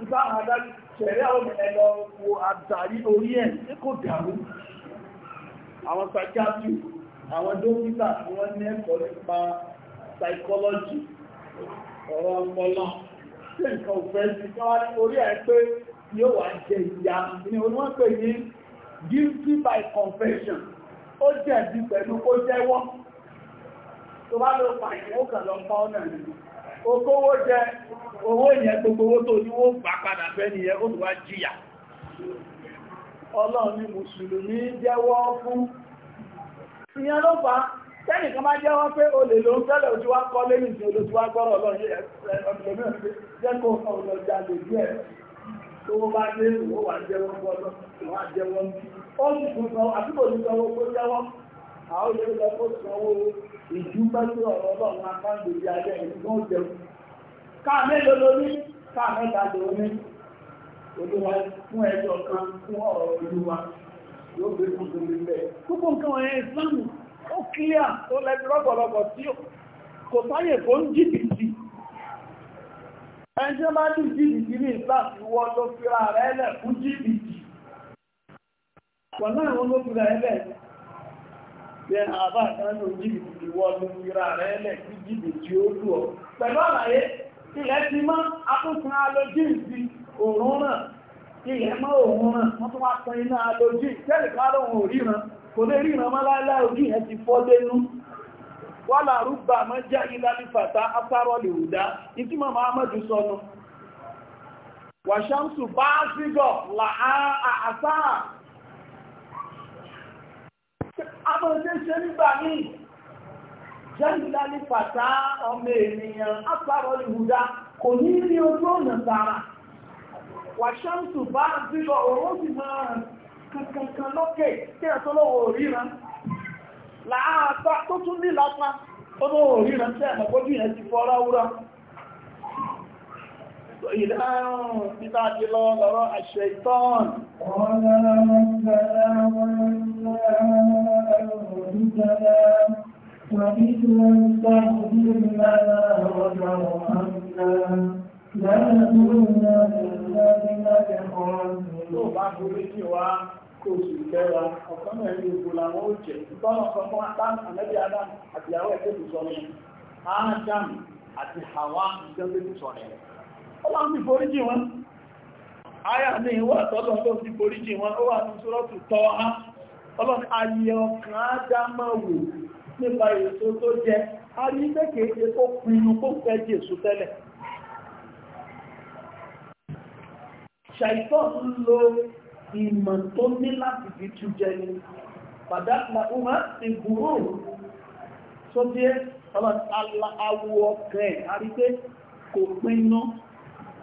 ìbá àdájú ṣẹ̀rẹ́ àwọn ẹ̀lọ wo àtàrí orí ẹ̀ tí kò dàrú àwọn psychiatry àwọn dókítà wọ́n ní ẹ̀kọ́ nípa psychology ọ̀rọ̀ ọpọlọ tí nǹkan òfẹ́ sí káwárí orí ẹ̀ pé yóò wà jẹ ìyá ni wọ́n pè ní guilty by confession ó jẹ̀bi pẹ̀lú kó jẹ́wọ́ tó bá ló pàyẹ̀ ó kàn lọ pa ọ́nà rẹ̀ okówó jẹ owó ìyẹn gbogbo owó tó ní wó gbà padà bẹ́ nìyẹn ó tó wá jìyà ni mùsùlùmí jẹ́wọ́ fún ìyẹn ló fà tẹ́nì kan bá jẹ́wọ́ pé o lè ló ń ojú wá kọ́ lẹ́yìn tí tó wọ́n bá dé wọ́n wà jẹ́wọ́ gbọ́dọ̀ wọ́n ó sì tún sọ àtúbò ní sọ owó tó jẹ́wọ́ àwọn lọ kó sọ owó ìjú ọ̀rọ̀ ọlọ́run ajẹ́ ní káà mẹ́ta ló ní olúwa fún ẹjọ́ kan fún ọ̀rọ̀ yóò gbé fún bẹ́ẹ̀ nǹkan ó kílíà tó tí kò sáyè kó ń ẹjọ́ bá ní jìbìtì ní ìsáàtì wọ́n tó fira rẹ̀ lẹ̀ fún jìbìtì pọ̀lá àwọn ló fira rẹ̀ lẹ̀ yẹ àbá àkánú jìbìtì ti wọ́n tó fira rẹ̀ lẹ̀ sí jìbìtì ó lù ọ́ pẹ̀lú àlàyé ilẹ̀ ti mọ́ akúnfún alójìǹsì òórùn náà ilẹ̀ mọ́ òórùn náà wọ́n tún wá pẹ́ iná alójìǹsì tẹ́lẹ̀ wọ́lá rúgbà mọ́ jẹ́ ìlàlífàtà afárọ́ lè rúdá ìtí mọ̀ Muhammadu sọ́nù wàṣámsù bá sígọ̀ làá àṣà amọ̀dé ṣe nígbà ní jẹ́ ìlàlífàtà ọmọ ènìyàn afárọ́ lè rúdá kò ní rí ojú ọ̀nà tààrà wàṣámsù bá sígọ̀ òun sì máa kankan lókè kí ẹ̀tọ́lọ́wọ̀ ríran láàpá tó tún ní lápá ó mọ́ orí ránṣẹ́ ẹ̀mọ̀gbójú yẹn ti fọ́ ráúrá ìdáhùn títà ti lọ lọ́rọ̀ àṣẹ ìtọ́n Tó bá gúrí kí wá oṣù ìfẹ́ra ọ̀kan náà ní ogun làwọn ó jẹ́ ìtọ́nà ọ̀sánmọ́ adam anabi adam àti àwọn ẹ̀kẹ́ sọ rẹ̀ adam hawa ìjọba tó sọ rẹ̀ ọlọ́run jì wọn jì wọn ó wà ní tọ́ ha ọlọ́run ayé ọkàn ádámọ̀wò nípa èso tó jẹ a mẹ́kẹ̀ẹ́ tó pinnu kó fẹ́ jésù tẹ́lẹ̀ ṣàìtọ́ ìmọ̀ tó ní láti fi tú jẹ ni pàdápàá ọmọ ti gbúrò tó jẹ́ aláwọ̀ ọkẹ́ àrí pé kò pinnu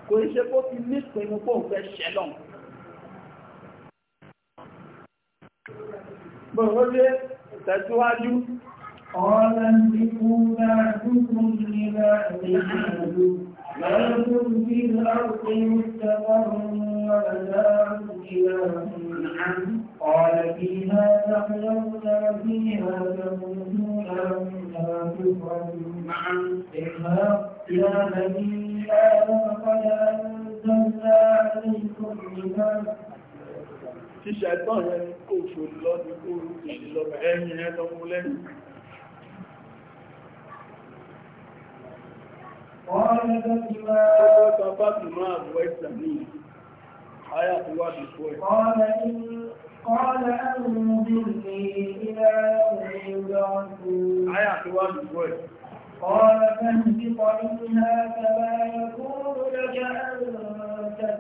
kò iṣẹ́ kó ti ní pinnu pọ̀ fẹ́ ṣẹlọ̀ bọ̀rọ̀ jẹ́ tẹ̀síwájú ọ̀rọ̀ ẹni kú náà dúkùn nílẹ̀ ìlú ما لكم في الأرض مستقر ومتاع إلى قال فيها تحيون وفيها تموتون ومنها تخرجون اذهب إلى بني آدم قد أنزلنا عليكم لباسا Ṣíṣẹ̀tọ́ ẹni kò ṣòlọ́ ní kó rú ìṣìlọ́bẹ̀ ẹ̀yìn ẹ̀lọ́mú lẹ́yìn. Ọjọ́ Fátímà Wẹ́sà ní àyà tó wà ní fún ẹ̀. Ọlẹ́ ẹ̀rùn-ún-bí-ní ilẹ̀ ẹ̀rùn-ún-bí-ní. Àyà tó wà ní fún ẹ̀. Ọlẹ́ ẹ̀rùn-ún-bí-ní ilẹ̀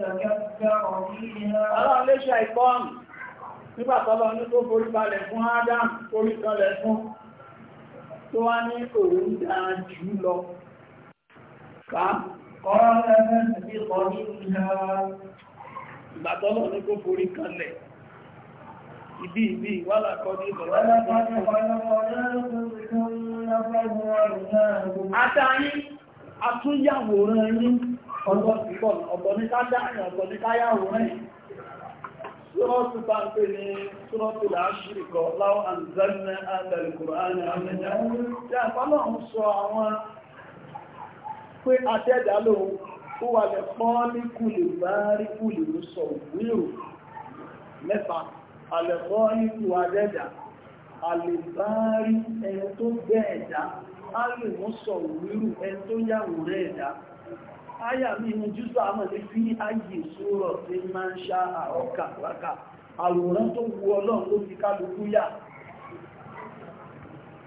ẹ̀rùn-ún-bí-ní. Nígbà tọ́lọ ní tó forí balẹ̀ fún Adam, forí kan lẹ̀ fún, tó wá ní òun dáa jù lọ. قال فاهبط منها ìgbàtọ́lọ̀ ní kó forí kanlẹ̀ ibi ibi wálà kọ́ ní ìbọ̀lọ́pọ̀ àtàyí àtúnyàwòrán ní ọgbọ́ ìbọ̀ ọ̀bọ̀ ní kájáyìn ọ̀bọ̀ ní káyàwòrán Súrọ́tù bá ń pè ní Súrọ́tù láṣírìkọ́ láwọn àǹzẹ́lẹ̀ àdàlùkùrọ̀ àyàmẹ́jẹ́ pé àtẹ́dà lóhun ó wà lẹ̀ pọ́n ní kùlù bá kùlù ló sọ wílò mẹ́fà àlẹ̀pọ́ nípò àdẹ́dà àlèbárí ẹni tó gbẹ́ ẹ̀dá alèmú sọ wílò ẹni tó yàwó rẹ̀ ẹ̀dá áyà mi ní jùsọ àmọ́lé fi tí máa ń ṣá àọ́kà àwòrán tó wu ọlọ́run ló fi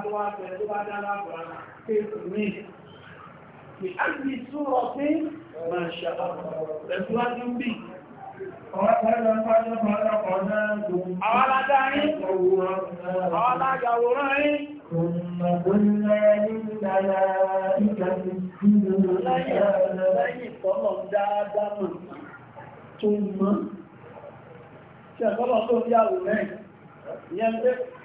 káwàá pẹ̀lú tó bá dá lábàá kéèkù ní kì á sì súnrọ̀ pé máa ṣàbàbà ẹ̀sùn láti ń bì Àwọn aládá yìí, àwọn alájàwòrán yìí, ثم قلنا للملائكة اسجدوا لآدم ثم ṣe ọ̀pọ̀lọpọ̀ tó bí àwòrán ìyẹn pé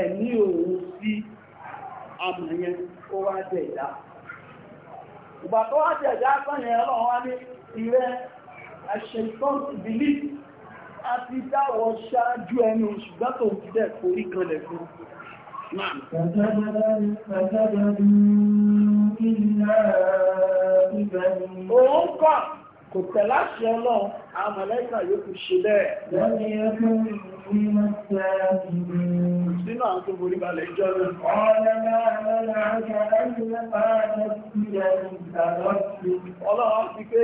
ẹ̀mí òun sí àmìyàn ó wá jẹ ìdá ìgbà tó wá jẹ ìdá sọ́yìn ẹ̀rọ wá ní ìrẹ́ ẹ̀ṣẹ̀tọ́n ìbílì àti dáwọ̀ ṣáájú ẹnu ṣùgbọ́n tó ti dẹ̀ forí kanlẹ̀ fún Òun kọ̀ kò tẹ̀láṣẹ́ ọlọ́run, àmàlẹ́kà yóò kù ṣe bẹ́ẹ̀. Nínú àwọn tó borí balẹ̀ ìjọ rẹ̀. Ọlọ́run ti pé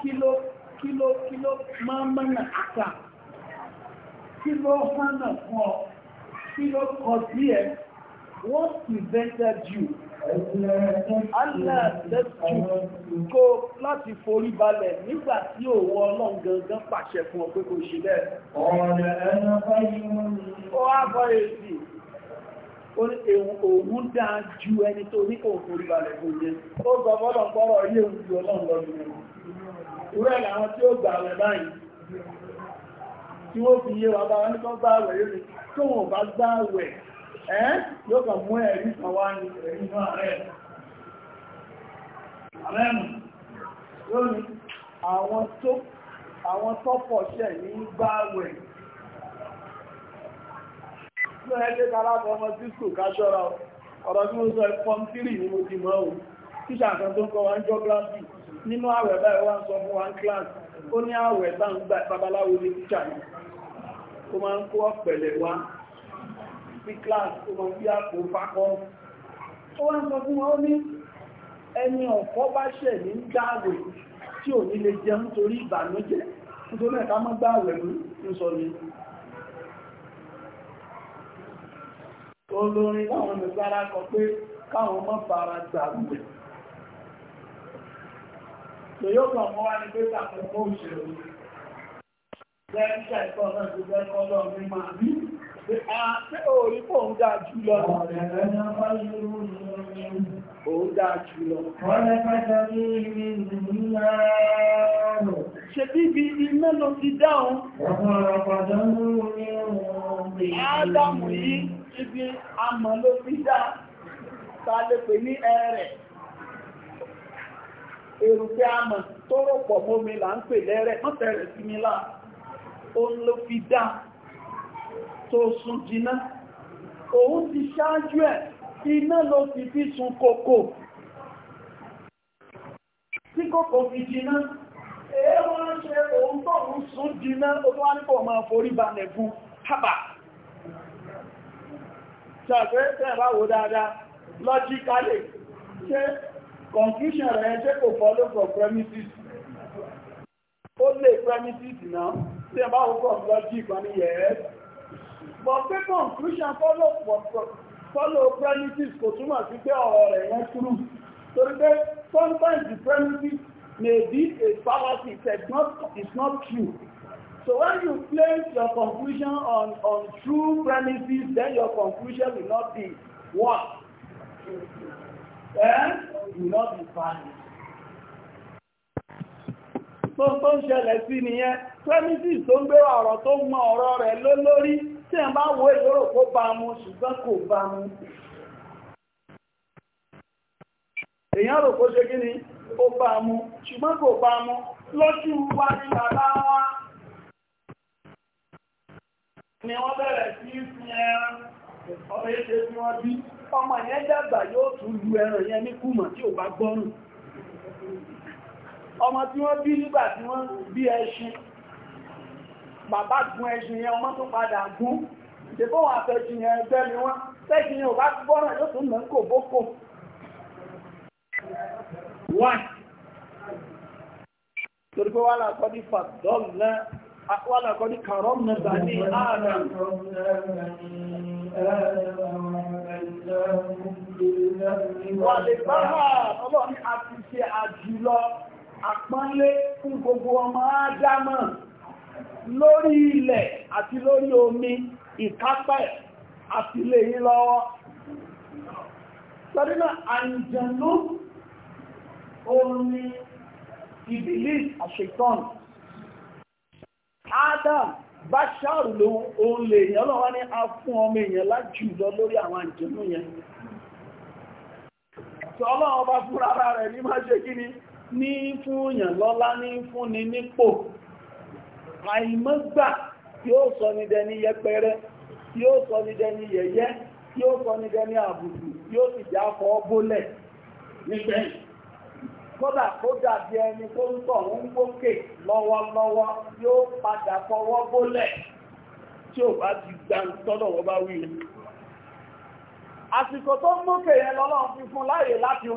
kí ló kí ló kí ló máa mọ́nà àkà, kí ló hánà fún ọ, kí ló kọ sí ẹ, what prevented you Allah tẹ́tù kó láti forí balẹ̀ nígbà tí òwò ọlọ́run gangan pàṣẹ fún ọ pé kò ṣe bẹ́ẹ̀. ọ̀rẹ́ ẹ̀nà báyìí ó wá bọ́ èsì òun dáa ju ẹni tó ní kò forí balẹ̀ kò jẹ́ ó gọ bọ́lọ̀ gbọ́rọ̀ ilé òun ju ọlọ́run lọ́dún mẹ́rin ìrẹ́ làwọn tí ó gbà rẹ̀ báyìí tí wọ́n fi yé wa bá wọn ní kọ́ gbà rẹ̀ yóò ní tó wọn bá gbà rẹ̀ ẹ́ yóò kàn mú ẹ̀rí kan ẹ̀rí náà rẹ̀ àmẹ́nu yóò àwọn tọ́pọ̀ ṣẹ̀ ní gbáwẹ̀ ẹgbẹ́ ọmọ disco káṣọ́ra ọ̀rọ̀ tí mo sọ ẹ̀fọ́n tírì ni mo ti mọ́ ohun tíṣà kan tó ń kọ́ wa ń jọ́gráfì nínú àwẹ̀ báyìí wá ń sọ fún wa ń kíláàsì ó ní àwẹ̀ babaláwo ní tíṣà ó máa sí class tó lọ bí àpò fákọ́ tó wá ń sọ fún wọn ní ẹni ọ̀fọ́ bá ṣẹ̀ ní gbààwẹ̀ tí ò ní lè jẹun torí ìbànújẹ́ nítorí ẹ̀ká mọ́ gbààwẹ̀ ń sọ ni olórin láwọn mẹ́sára kọ pé káwọn mọ́ fara gbààwẹ̀ lóyó kan mọ́ wá ní pé tàbí mọ́ òṣèlú pé a pé orí pò ń dáa jù lọ. Òun dáa jù lọ. Ṣé bíbi iná ló ti dáhùn? Ádámù yìí ibi amọ̀ ló fi dá. Ta lè pè ní ẹrẹ̀? Èrùpẹ̀ amọ̀ tó rò pọ̀ là ń pè lẹ́rẹ̀. Mọ́tẹ̀rẹ̀ sí mi ló fi tó sún jiná òun ti ṣáájú ẹ̀ iná ló ti fi sun kòkò tí kòkò fi jiná èèwọ̀n ṣe òun tó ń sún jiná olúwa nípa ọmọ forí balẹ̀ fún hábà ṣàfẹ́ tẹ́ẹ̀bá dáadáa logically ṣe conclusion rẹ̀ ṣe kò follow for premises ó lè premises náà tẹ́ẹ̀bá wo from logic wọ́n ni yẹ̀ẹ́ but pé conclusion follow follow premises kò túmọ̀ sí pé ọ̀rọ̀ rẹ̀ yẹn túrú torí pé sometimes the premises may be a fallacy it's not, it's not true so when you place your conclusion on on true premises then your conclusion will not be what eh will not be valid tó tó ń ṣẹlẹ̀ sí nìyẹn premises tó ń gbé ọ̀rọ̀ tó mọ ọ̀rọ̀ rẹ̀ lólórí tí ẹ̀ bá wo ìlóró kó bá mu ṣùgbọ́n kò bá mu èèyàn rò kó ṣe kí ni ó bá mu ṣùgbọ́n kò bá mu lójú wa ní bàbá wa ni wọ́n bẹ̀rẹ̀ sí fi ẹran ọmọ èdè tí wọ́n bí ọmọ yẹn dàgbà yóò tún lu ẹran yẹn ní kùmọ̀ tí ò bá gbọ́rùn ọmọ tí wọ́n bí nígbà tí wọ́n bí ẹṣin bàbá gun ẹṣin yẹn ọmọ tó padà gún ìdìbò wọn àfẹ́ṣin yẹn ẹgbẹ́ ni wọ́n fẹ́ṣin yẹn ò bá gbọ́ràn yóò tún mọ̀ bókò. one torí pé wà lákọ́dí fàdọ́lẹ́ wà lákọ́dí kàrọ́m nẹ́bà ní ààrẹ wà lè bá ọlọ́ni àti ṣe àjùlọ àpọ́nlé fún gbogbo ọmọ ádámọ̀ lórí ilẹ̀ àti lórí omi ìkápẹ̀ àti lè yí lọ́wọ́ sọ́dínà àìjẹ̀lú omi ìbìlìs àṣetán Adam bá ṣàrù ló oun lè èèyàn lọ́wọ́ ní a fún ọmọ èèyàn lájú lọ lórí àwọn àìjẹ̀lú yẹn tí bá fún rárá rẹ̀ ní máa ni ní fún èèyàn lọ́lá ní fún ni nípò àìmọ́gbà tí ó sọ ní dẹni yẹpẹrẹ tí ó sọ ní dẹni yẹyẹ tí ó sọ ní dẹni àbùkù tí ó sì já fọ́ bólẹ̀ níbẹ̀ kódà kó dàbí ẹni tó ń tọ̀ ń gbókè lọ́wọ́lọ́wọ́ tí ó padà fọwọ́ bólẹ̀ tí ti o tọ́lọ̀ wọ́n bá wí àsìkò tó ń gbókè yẹn lọ́lọ́ fi láàyè láti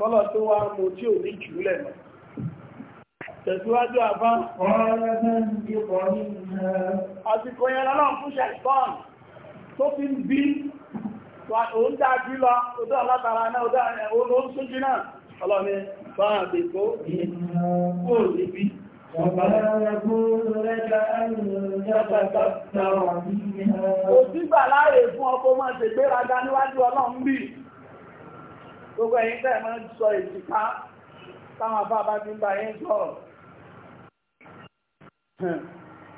kọ́lọ̀ tó wá mú tí ò ní jùlẹ̀ mọ̀. Tẹ̀síwájú àbá. Àsìkò yẹn lọ́nà fún ṣẹ̀tọ́n tó fi ń bí òun dájú lọ, òdó alátara náà, òdó olóhun sójú náà, ọlọ́ni bá àbèkó kò lè bí. Òsígbà láàrè fún ọkọ̀ máa ṣègbéraga níwájú ọlọ́run bíi. gbogbo ẹ̀yin tẹ́ máa ń sọ èjìká táwọn afá bá ti ń bá yín sọ̀rọ̀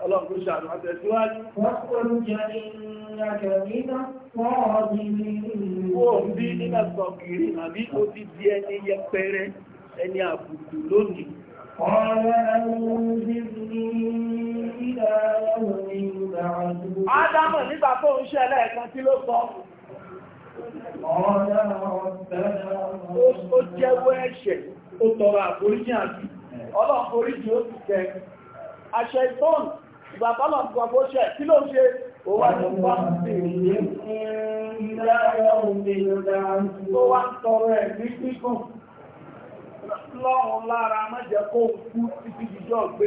ọlọ́pù ṣàánú àtẹ̀síwájú wọ́n bí nígbà sọ kiri àbí ó ti di ẹni yẹpẹrẹ ẹni àbùkù lónìí ó jẹ́wọ́ ẹ̀ṣẹ̀ ó tọrọ àforíjì àti ọlọ́foríjì ó ti tẹ́ aṣẹ ìtọ́n ìgbàtọ́lọ̀ gbogbo ṣẹ̀ kí ló ṣe ó wá ní wá sí ó wá ń tọrọ ẹ̀ ní kíkùn lọ́run lára mẹ́jẹ kó kú títí ìjọ gbé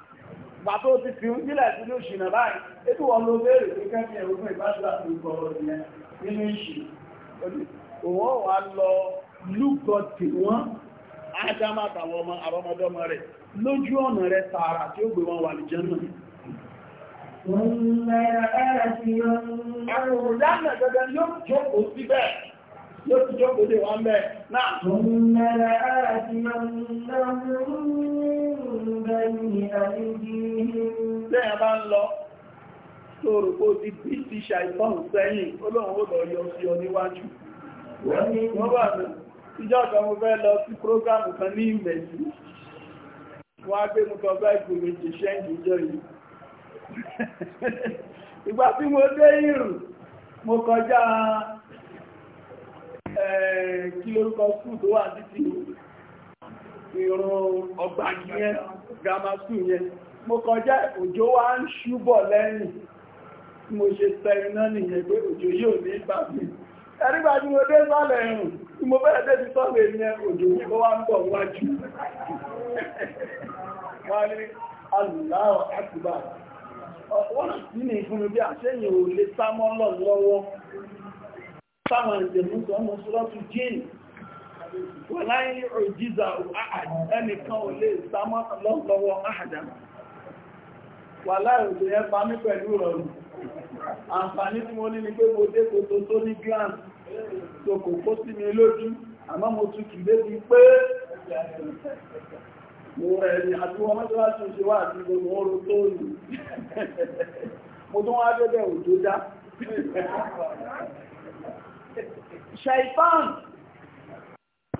gbà tó ti fi ń sílẹ̀ sí ló ṣìnà báyìí ètò wọn ló béèrè pé kẹ́kẹ́ ẹ̀rọ̀gbọ́n ìbáṣà ti kọ̀ ọ̀rọ̀ nínú ìṣì òwò wa lọ lúgọ tí wọ́n ádámà tàwọn ọmọ àrọmọdọ́mọ rẹ̀ lójú ọ̀nà rẹ̀ tààrà tí ó gbé wọn wà ní jẹ́nà yóò ti jókòó lè wọ́n mẹ́ náà. Mọ̀nàlá àti mọ̀nàlá kó ti bí ti ṣàìbọ̀n sẹ́yìn, olóòrùn ó yọ sí ọ níwájú. Wọ́n wà ní ìjọ́ ọ̀kan mo fẹ́ lọ sí prógámù kan ní ìmẹ̀sí. Wọ́n á gbé mú kan bá ìgbò méjì ṣẹ́ǹdì ìjọ yìí. Ìgbà tí mo dé ìrù, mo kọjá Eh, kí lórúkọ skúù tó wà títí ìrùn ọgbà yẹn grammar school mo kọjá òjò wá ń ṣúbọ̀ lẹ́yìn mo ṣe tẹ iná nìyẹn pé òjò yóò ní ìgbà mi mo dé sálẹ̀ ẹ̀rùn tí mo bẹ̀rẹ̀ ti sọ́lẹ̀ òjò wá ń bọ̀ wájú wọ́n ní alùláwọ̀ táwọn ìdèmú sọ ọmọ ṣúlọ́tù jíìn wọ́n láyé òjíza ẹnìkan ò lè sámọ́ lọ́wọ́ àhàdà wà láàrùn yẹn pa mí pẹ̀lú rọrùn àǹfààní tí mo ní ni pé mo dé kòtò tó ní gland tó kò kó sí mi lójú àmọ́ mo tún kì débi pé mo rẹ̀ àti wọn mọ́síláṣí ṣe wà àti gbogbo tó yìí mo tún wá débẹ̀ òjò dá ṣẹ̀ìfán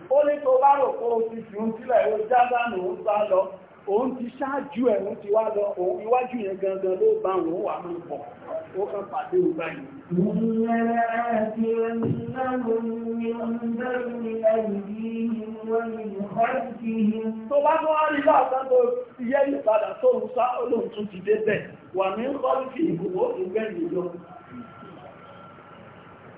ó ní tó bá rò kó ti fi ń sílẹ̀ ó jádánù ó bá lọ òun ti ṣáájú ẹ̀ òun ti wá lọ òun iwájú yẹn gangan ló bá òun wà mọ́ pọ̀ ó kàn pàdé ògbà yìí. Tó bá tó wá rí láàtán tó yẹ́ ìpadà tó ń sá olóòtú ti dé bẹ̀ wà ní kọ́lùkì ìgbòho ìgbẹ̀yìn lọ.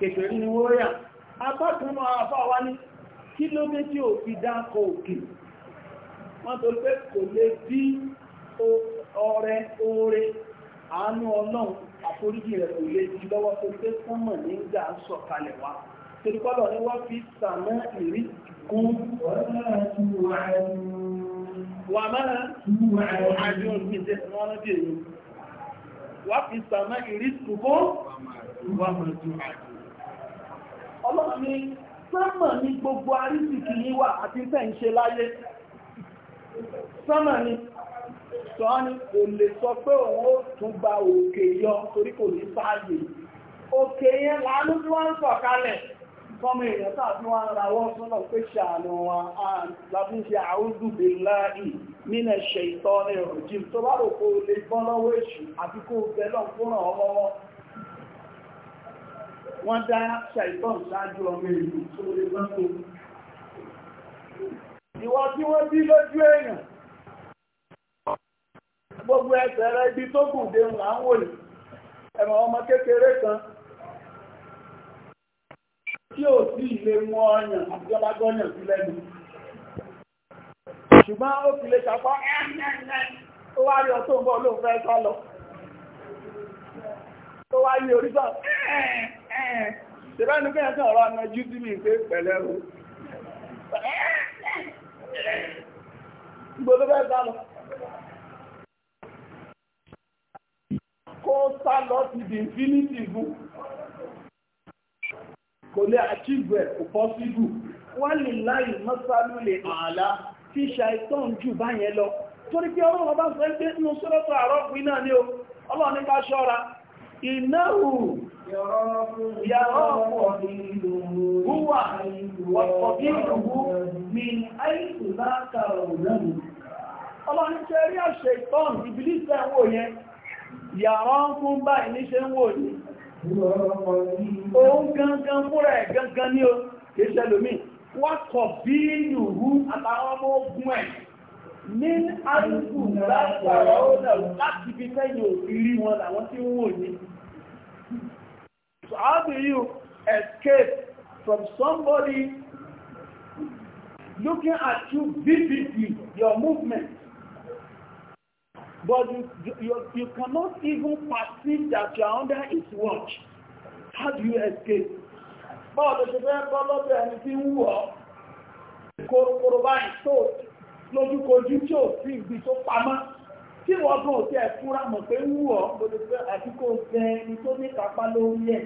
kèfèrí ni wọ́n yà apákanú àfá wá ní kí ló dé tí ò fi dákọ òkè wọ́n tó pé kò lè bí ọrẹ oore àánú ọlọ́run àforíjì rẹ̀ kò lè di lọ́wọ́ tó pé sánmọ̀ ní ìgbà sọ̀kalẹ̀ wá tòlùkọ́lọ̀ ni wọ́n fi sàmọ́ ìrí kún wà máa àjọ ìpínlẹ̀ wọ́n rẹ̀ bí èyí wọ́n fi sàmọ́ ìrí kún wà ọlọ́run ní sánmà ní gbogbo arísìkì yín wà àti tẹ́ ń ṣe láyé sánmà ni sọ́ni kò lè sọ pé òun ó tún gba òkè yọ torí kò ní sáàyè òkè yẹn lánú tí wọ́n ń sọ kalẹ̀ fọ́mọ èèyàn tàbí wọn ra sọ́nà pé ṣàánú wọn wọ́n dá ṣàìtọ́n ṣáájú ọmọ ìlú tó lè mọ́tò ìwọ tí wọ́n bí lójú èèyàn gbogbo ẹsẹ̀ rẹ̀ ibi tó gùn dé ńlá ń wòlè ẹ̀mọ̀ ọmọ kékeré kan tí ò sí ilé mú ọyàn àjọba gọ́yàn sí lẹ́nu ṣùgbọ́n ó fi lè ṣàpá ó wá rí ọtó ń bọ́ olóòfẹ́ sálọ ó wá rí orí sọ ẹ̀ẹ́ ṣèbánu kí ẹ̀sán ọ̀rọ̀ ọ̀nà jú sí mi pé pẹ̀lẹ́ o gbogbo bẹ́ẹ̀ lọ kó sá lọ ti di infinity fún kò lè achieve ẹ̀ kò wọ́n lè mọ́sálú lè tí ṣàìtàn jù lọ torí pé ọlọ́run sọ ẹgbẹ́ náà ni ọlọ́run ìnáhù yàrá ọ̀pọ̀ ìlú wúwà ọ̀pọ̀ ìlú mi àìsù láàkà òlànà ọlọ́ni ṣe rí àṣẹ ìtọ́n ìbílísẹ̀ ń wò yẹn yàrá ń fún báyìí ní ṣe ń wò ní òun gangan fúnra ẹ̀ gangan ní o kìí ṣe lómi wákọ̀ bí ìlú àtàwọn ọmọ ogun ẹ̀ ní àìsù láàkà òlànà láti fi sẹ́yìn òfin rí wọn làwọn tí ń ní So how do you escape from somebody looking at you vividly, your movement? But you, you, you cannot even perceive that you are under his watch. How do you escape? Báwo ṣe fẹ́ bọ́ lọ́dọ̀ ẹni tí ń wọ̀ kòròkòrò báyìí tó lójúkojú tí ò sí ibi tó pamọ́ tí wọ́n gan òtí ẹ̀ fúnra mọ̀ pé ń wù ọ́ gbogbo pé àti kò fẹ́ ẹni tó ní kápá lórí ẹ̀.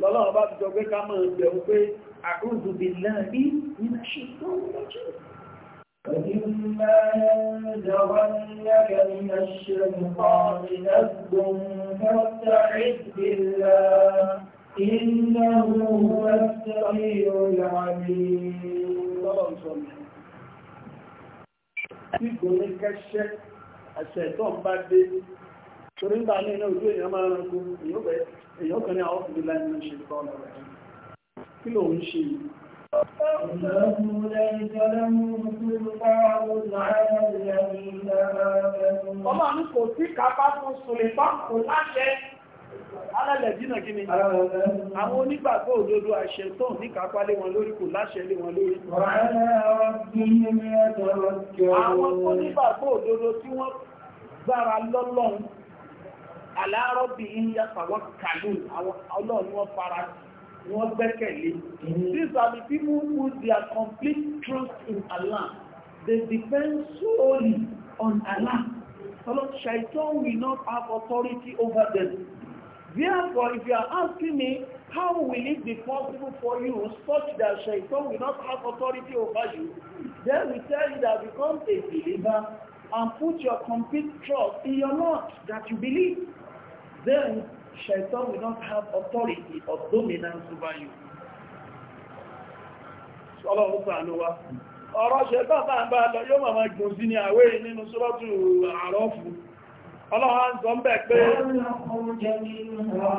lọ́lọ́run bá ti jọ pé ká mọ̀ ẹgbẹ̀ ń pé àkóso náà rí nínú ṣe tó ń lọ́jọ́. فإما ينزغنك من الشيطان نزغ فاستعذ بالله إنه هو السميع العليم tí kò ní kẹ́ṣẹ́ àṣẹ̀tọ́ bá dé torí ń bá ní iná ojú èèyàn máa ránkú èèyàn kan ní àwọn òfin láì ní ṣe tọ́ ọ̀nà rẹ̀ kí ló ń ṣe yìí Ọlọ́run kò sí kápá fún Sùlẹ̀pá kò láṣẹ alẹ́lẹ̀dínà gíní àwọn onígbàgbọ́ òdodo àṣẹtàn ní kápálé wọn lórí kò láṣẹ lé wọn lórí àwọn onígbàgbọ́ òdodo tí wọ́n gbára lọ́lọ́run aláàrọ́bì ìyá pàwọ́ kàlùn àwọn ọlọ́run wọ́n fara wọ́n gbẹ́kẹ̀lé these are the people who their complete trust in Allah they depend solely on Allah so, Shaitan will not have authority over them Therefore, if you are asking me, how will it be possible for you such that Shaitan will not have authority over you, then we tell you that become a believer and put your complete trust in your Lord that you believe. Then Shaitan will not have authority or dominance over you. Ọ̀rọ̀ ṣẹ̀tọ́ tàbí àlọ́ yóò máa gbòsí ní àwẹ́ nínú sọ́rọ́tù àrọ́fù ọlọ́wọ́ ń sọ ń bẹ̀ pé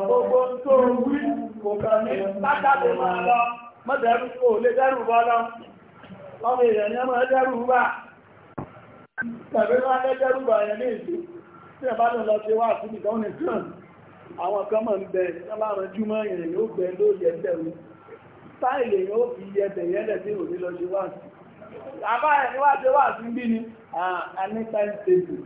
gbogbo tó wí kò kàn máa lọ mọ́tẹ̀rù kò lè dẹ́rù bọ́ lọ ọmọ èèyàn ní ọmọ ẹdẹ́rù wà tàbí wọ́n lẹ́dẹ́rù bà yẹn ní ìsú tí ẹ̀bá ní lọ sí wá sí nìkan ní kàn ń bí ni à ní time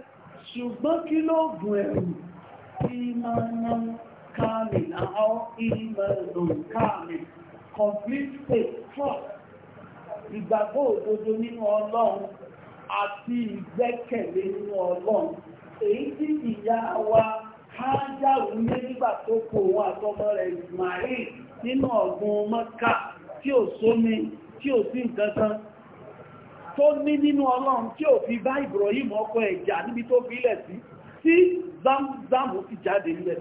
ṣùgbọ́n kí ló gùn ẹ̀rù tí máa ná káàmì àwọn ìmọ̀ káàmì complete faith trust ìgbàgbọ́ òdodo nínú ọlọ́run àti ìgbẹ́kẹ̀lé nínú ọlọ́run èyí tí ìyá wa hájáwù ní nígbà tó kó wọn àtọmọ rẹ̀ Ismail nínú ọ̀gbun mọ́ká tí ò sómi tí ò sí nǹkan kan tó ní nínú ọlọ́run tí ò fi bá Ibrahim ọkọ ẹ̀jà níbi tó fi ilẹ̀ sí tí zamzamu ti jáde ilẹ̀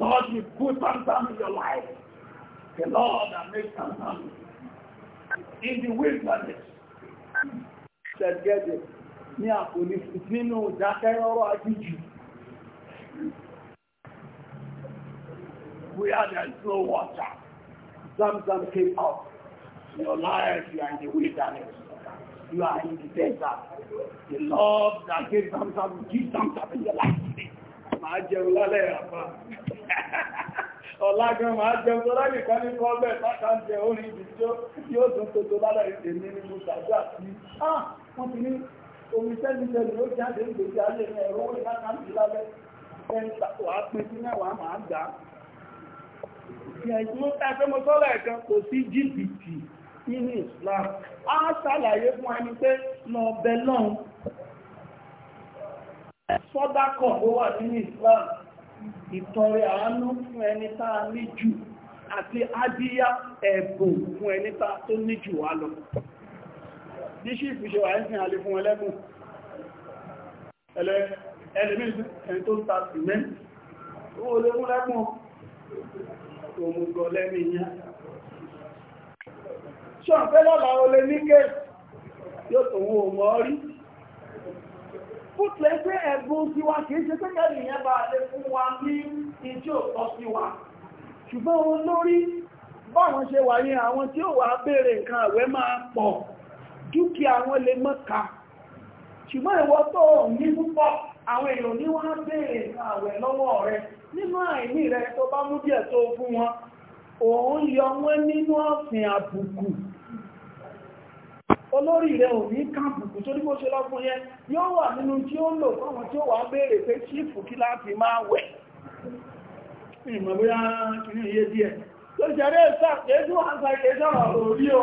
Lord, you put Zamzam in your life. The Lord that makes Zamzam in the wilderness. Said Gede, ní àkòlì nínú ìdákẹ́rọ́rọ́ ajíjù. We are there is no water. Zamzam came up. Your life, you are in the wilderness. You are in the desert. The Lord that gave Zamzam will give Zamzam in your life today. Màá jẹun lálẹ́ àpá. Ọ̀la gan màá jẹun tó láyé kan ní kọ́lẹ̀ bákà ń jẹ orin ibi tí yóò tún tótó lálẹ́ èdè mi ní Mùsàdé àti ah wọ́n ti ní omi sẹ́ni-sẹ́ni ló jáde ń gbèsè alẹ́ ẹ̀rọ orí bákà ń jù pín sí mẹ́wàá màá gbà mo tẹ́fẹ́ mo sọ́lọ̀ ẹ̀kan kò sí jìbìtì nínú Islam a ṣàlàyé fún ẹni pé lọ bẹ lọ́n sọ́dákọ̀ ló wà nínú Islam ìtọrẹ àánú fún ẹni tá a ní jù àti adíyá ẹ̀bùn fún ẹni tá a tó ní jù wá lọ bíṣíìpù ṣe wà ẹ́sìn alẹ́ fún ẹlẹ́gùn ẹlẹ́mìí ẹni tó ń ta sìmẹ́ntì ó lè òmùgọ̀ lẹ́ni yá ṣọ́n pé lọ́la o lè ní yóò tó wọn ò mọ́ rí ó pé ẹ̀gbọ́n sí wa kìí ṣe pẹ́kẹ́ nìyẹn bá lè fún wa ní ìjọ ọ̀tọ̀ sí wa ṣùgbọ́n olórí báwọn ṣe wà ní àwọn tí ó wà nǹkan àwẹ́ máa pọ̀ dúkìá lè ṣùgbọ́n ní nínú àìní rẹ̀ tó bá mú díẹ̀ tó fún wọn òun yọ wọ́n nínú ọ̀sìn àbùkù olórí rẹ̀ ò ní kàbùkù tó ní bó ṣe lọ fún yẹn yóò wà nínú tí ó lò fáwọn tí ó wà béèrè pé sífù kí láti máa wẹ̀ ìmọ̀ bóyá kìí iye díẹ̀ tó jẹ́rẹ́ ìsàkéjú àṣà ìkéjọ́rọ̀ orí o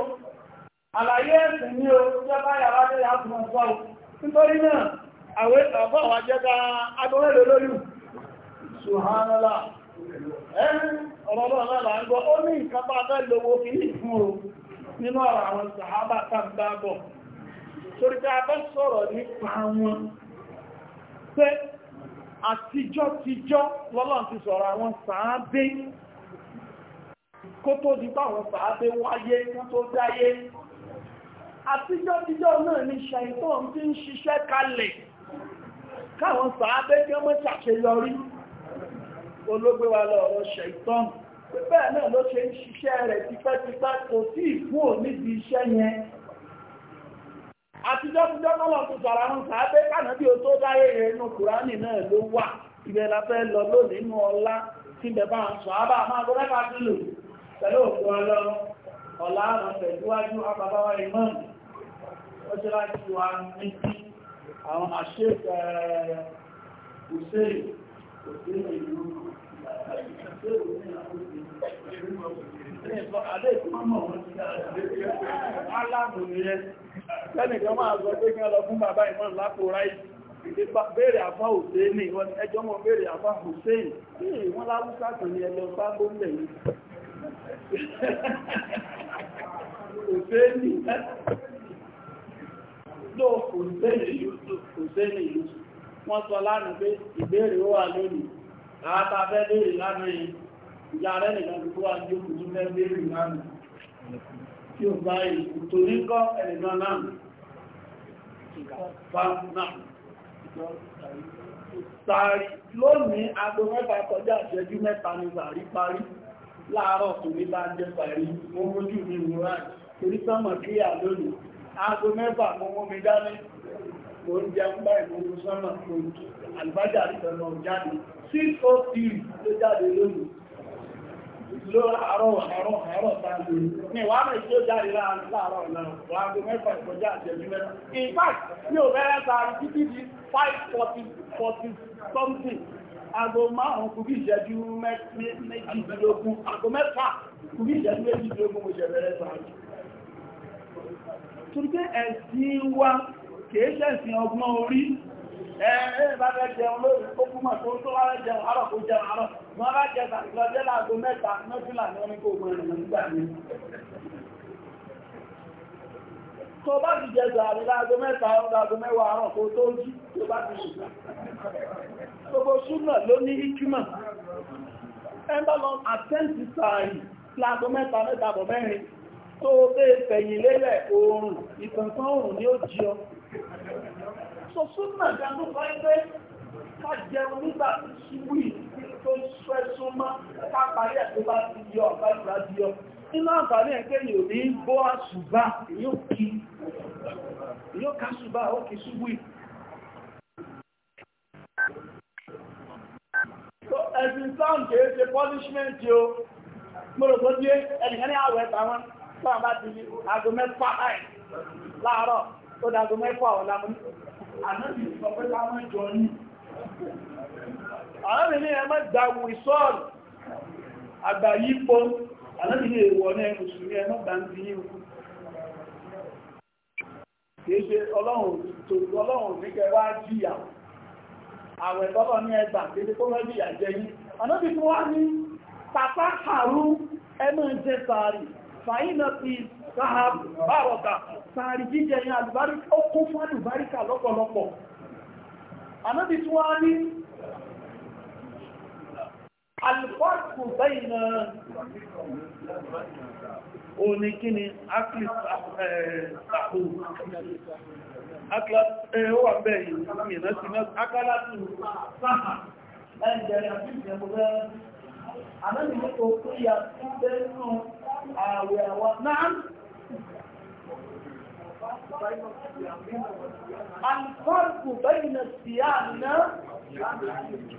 àlàyé ẹ̀sìn ní o jẹba yàrá jẹ́ yàtùmọ̀ sọ́ọ̀ nítorí náà àwẹ́ àbọ̀ àwàjẹ́ta agbọ́rẹ́lẹ̀ olóyún ṣùhánàlá ẹni ọ̀rọ̀lọ́rọ̀ là ń gbọ́ ó ní nǹkan bá fẹ́ lówó fi ní fún o nínú ọ̀rọ̀ àwọn sàhábà tàbí torí pé a fẹ́ sọ̀rọ̀ nípa wọn pé àtijọ́ tijọ́ lọ́lọ́n ti sọ̀rọ̀ àwọn sàábé kó tó di bá àwọn sàábé wáyé kó tó dáyé àtijọ́ tijọ́ náà ni ṣàìtọ́ ti ń ṣiṣẹ́ kalẹ̀ káwọn sàábé kí wọ́n ṣàṣeyọrí olóògbé wa lọ ọ̀rọ̀ ṣẹ̀tọ́n pípẹ́ náà ló ṣe ń ṣiṣẹ́ rẹ̀ tipẹ́tipẹ́ kò sí ìfún òní di iṣẹ́ yẹn àtijọ́ tíjọ́ tọ́lọ̀ tó sọ̀rọ̀ àwọn sàábé kànà bí o tó dáyé ẹnu kùránì náà ló wà ibẹ̀ la lọ lónìí nínú ọlá tí àbá máa bá ti lò pẹ̀lú òkú ọlọ́run àrùn tẹ̀síwájú àbábáwá ṣe láti àwọn àṣẹ ìlú Ẹnìkan máa sọ pé kí wọ́n lọ fún bàbá ìmọ̀ lápò ráì. Béèrè àfá òṣèé ní ìwọ́n ẹjọ́ mọ́ béèrè àfá òṣèé ní ìwọ́n láwúsá tó ní ẹlọ bá gómìnà yìí. Òṣèé ní ìlú. Wọ́n sọ lánàá pé ìbéèrè ó wà lónìí àátà fẹ́ léèrè lánàá yìí ìyá rẹ̀ nìkan tó wà ní òkú fẹ́ léèrè lánàá tí ó bá ìlú tó ní kọ́ ẹ̀nìkan náà sàárì lónìí aago mẹ́ta kọjá ìṣẹ́jú mẹ́ta ni sàárì parí láàárọ̀ tó ní bá jẹ́ sàárì mo mójú mi wúrà torí sọ́mọ̀ kíyà lónìí aago mẹ́fà mo mú mi dání mo ń jẹ ń bá ìmúlò sọ́nà tó ń kí àlùbájà àríkọ̀nà jáde six o oh three ló jáde lónìí ló àárọ̀ àárọ̀ àárọ̀ sáàlù ní wàá mẹ́ tí ó jáde láàárọ̀ náà wàá gbé mẹ́fà ìkọjá àjẹmí mẹ́fà in fact ní ò bẹ́rẹ̀ ta títí di five forty forty something aago márùn-ún kù bí ìṣẹ́jú méjìdínlógún aago mẹ́fà kù bí ìṣẹ́jú méjìdínlógún mo ṣẹ̀ bẹ̀rẹ̀ sáàlù kìí ṣẹ̀sìn ọgbọ́n orí ẹ̀ẹ́ bá fẹ́ jẹun lórí tó kúmọ̀ tó tó wá rẹ̀ jẹun àárọ̀ kó jẹun àárọ̀ wọ́n bá jẹ sàtìlọ́jẹ́ láàgó mẹ́ta mẹ́fìlà ní wọ́n ní kò mọ̀ ẹ̀rọ nígbà ní tó bá ti jẹ sàárẹ̀ láàgó mẹ́ta láàgó mẹ́wàá àárọ̀ kó tó jí tó bá ti ṣùgbà gbogbo súnà ló ní ìkímọ̀ ẹgbẹ́ lọ àtẹ́ǹtì sàárì láàgó mẹ́ta mẹ́ta bọ̀ mẹ́rin tó bẹ́ẹ̀ fẹ̀yìn lélẹ̀ oòrùn ìtànkan oòrùn ni ó jí ọ so súnmọ̀ gan ló fẹ́ pé ká jẹun nígbà tí ṣíwì tó fẹ́ súnmọ́ ká parí ẹ̀ tó bá ti yọ ọ̀gá ìgbà ti yọ nínú àǹfààní ẹ̀ pé yóò ní bó àṣùbà yóò kí yóò ká ṣùbà ó kì ṣíwì so ẹ̀sìn Islam kìí ṣe punishment yóò mọ́rọ̀kọ́ díẹ̀ ẹnìkan ní àwẹ̀ tàwọn tó àbá ti ní aago mẹ́fà láàárọ̀ ó dágó mẹ́fà ọ̀la mú ànábì sọ pé ká mọ́ jọ ní ànábì ní ẹmọ́ gbàwù ìsọ́ọ̀lù àgbà yípo ànábì ní èèwọ̀ ní ẹnu sùn ní ẹmọ́ gbà ń bí yíò kìí ṣe ọlọ́run ní kẹwà jìyà àwẹ̀ tọ́lọ̀ ní ẹgbà kéde kó mọ́ jìyà jẹ yín ànábì fún wa ní pàpá kàrú ẹmọ́ jẹ sàárì fàyínà pìs sáàbù sàárì jíjẹ ní àlùbáríkà ó kún fún àlùbáríkà lọ́pọ̀lọpọ̀ anábi tí wọ́n ní alifọ́kù bẹ́yìnà òní kí ni eh, eh, tó bẹ́ẹ̀ nù àwọn náà alfarku bayna siyamina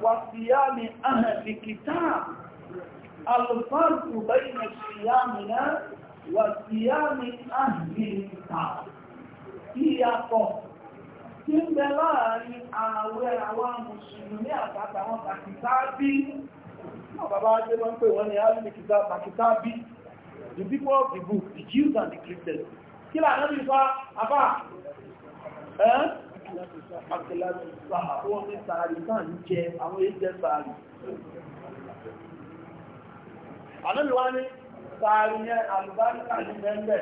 wa siyami ahli kitab alfarku bayna siyamina wa siyami ahli kitab ìyàtọ̀ tí ń bẹ láàrin ààwẹ̀ àwọn mùsùlùmí àtàtàwọn pàkìtàbí náà bàbá ajé wọ́n the people of the book, the Jews and the Christians. Kí là náà nípa àbá? Ẹ́n? Àkìláàtì sá, wọ́n ní sàárì náà ń jẹ àwọn èjẹ sàárì. Ànábì wá ní sàárì yẹn àlùbáríkà ní mẹ́lẹ̀.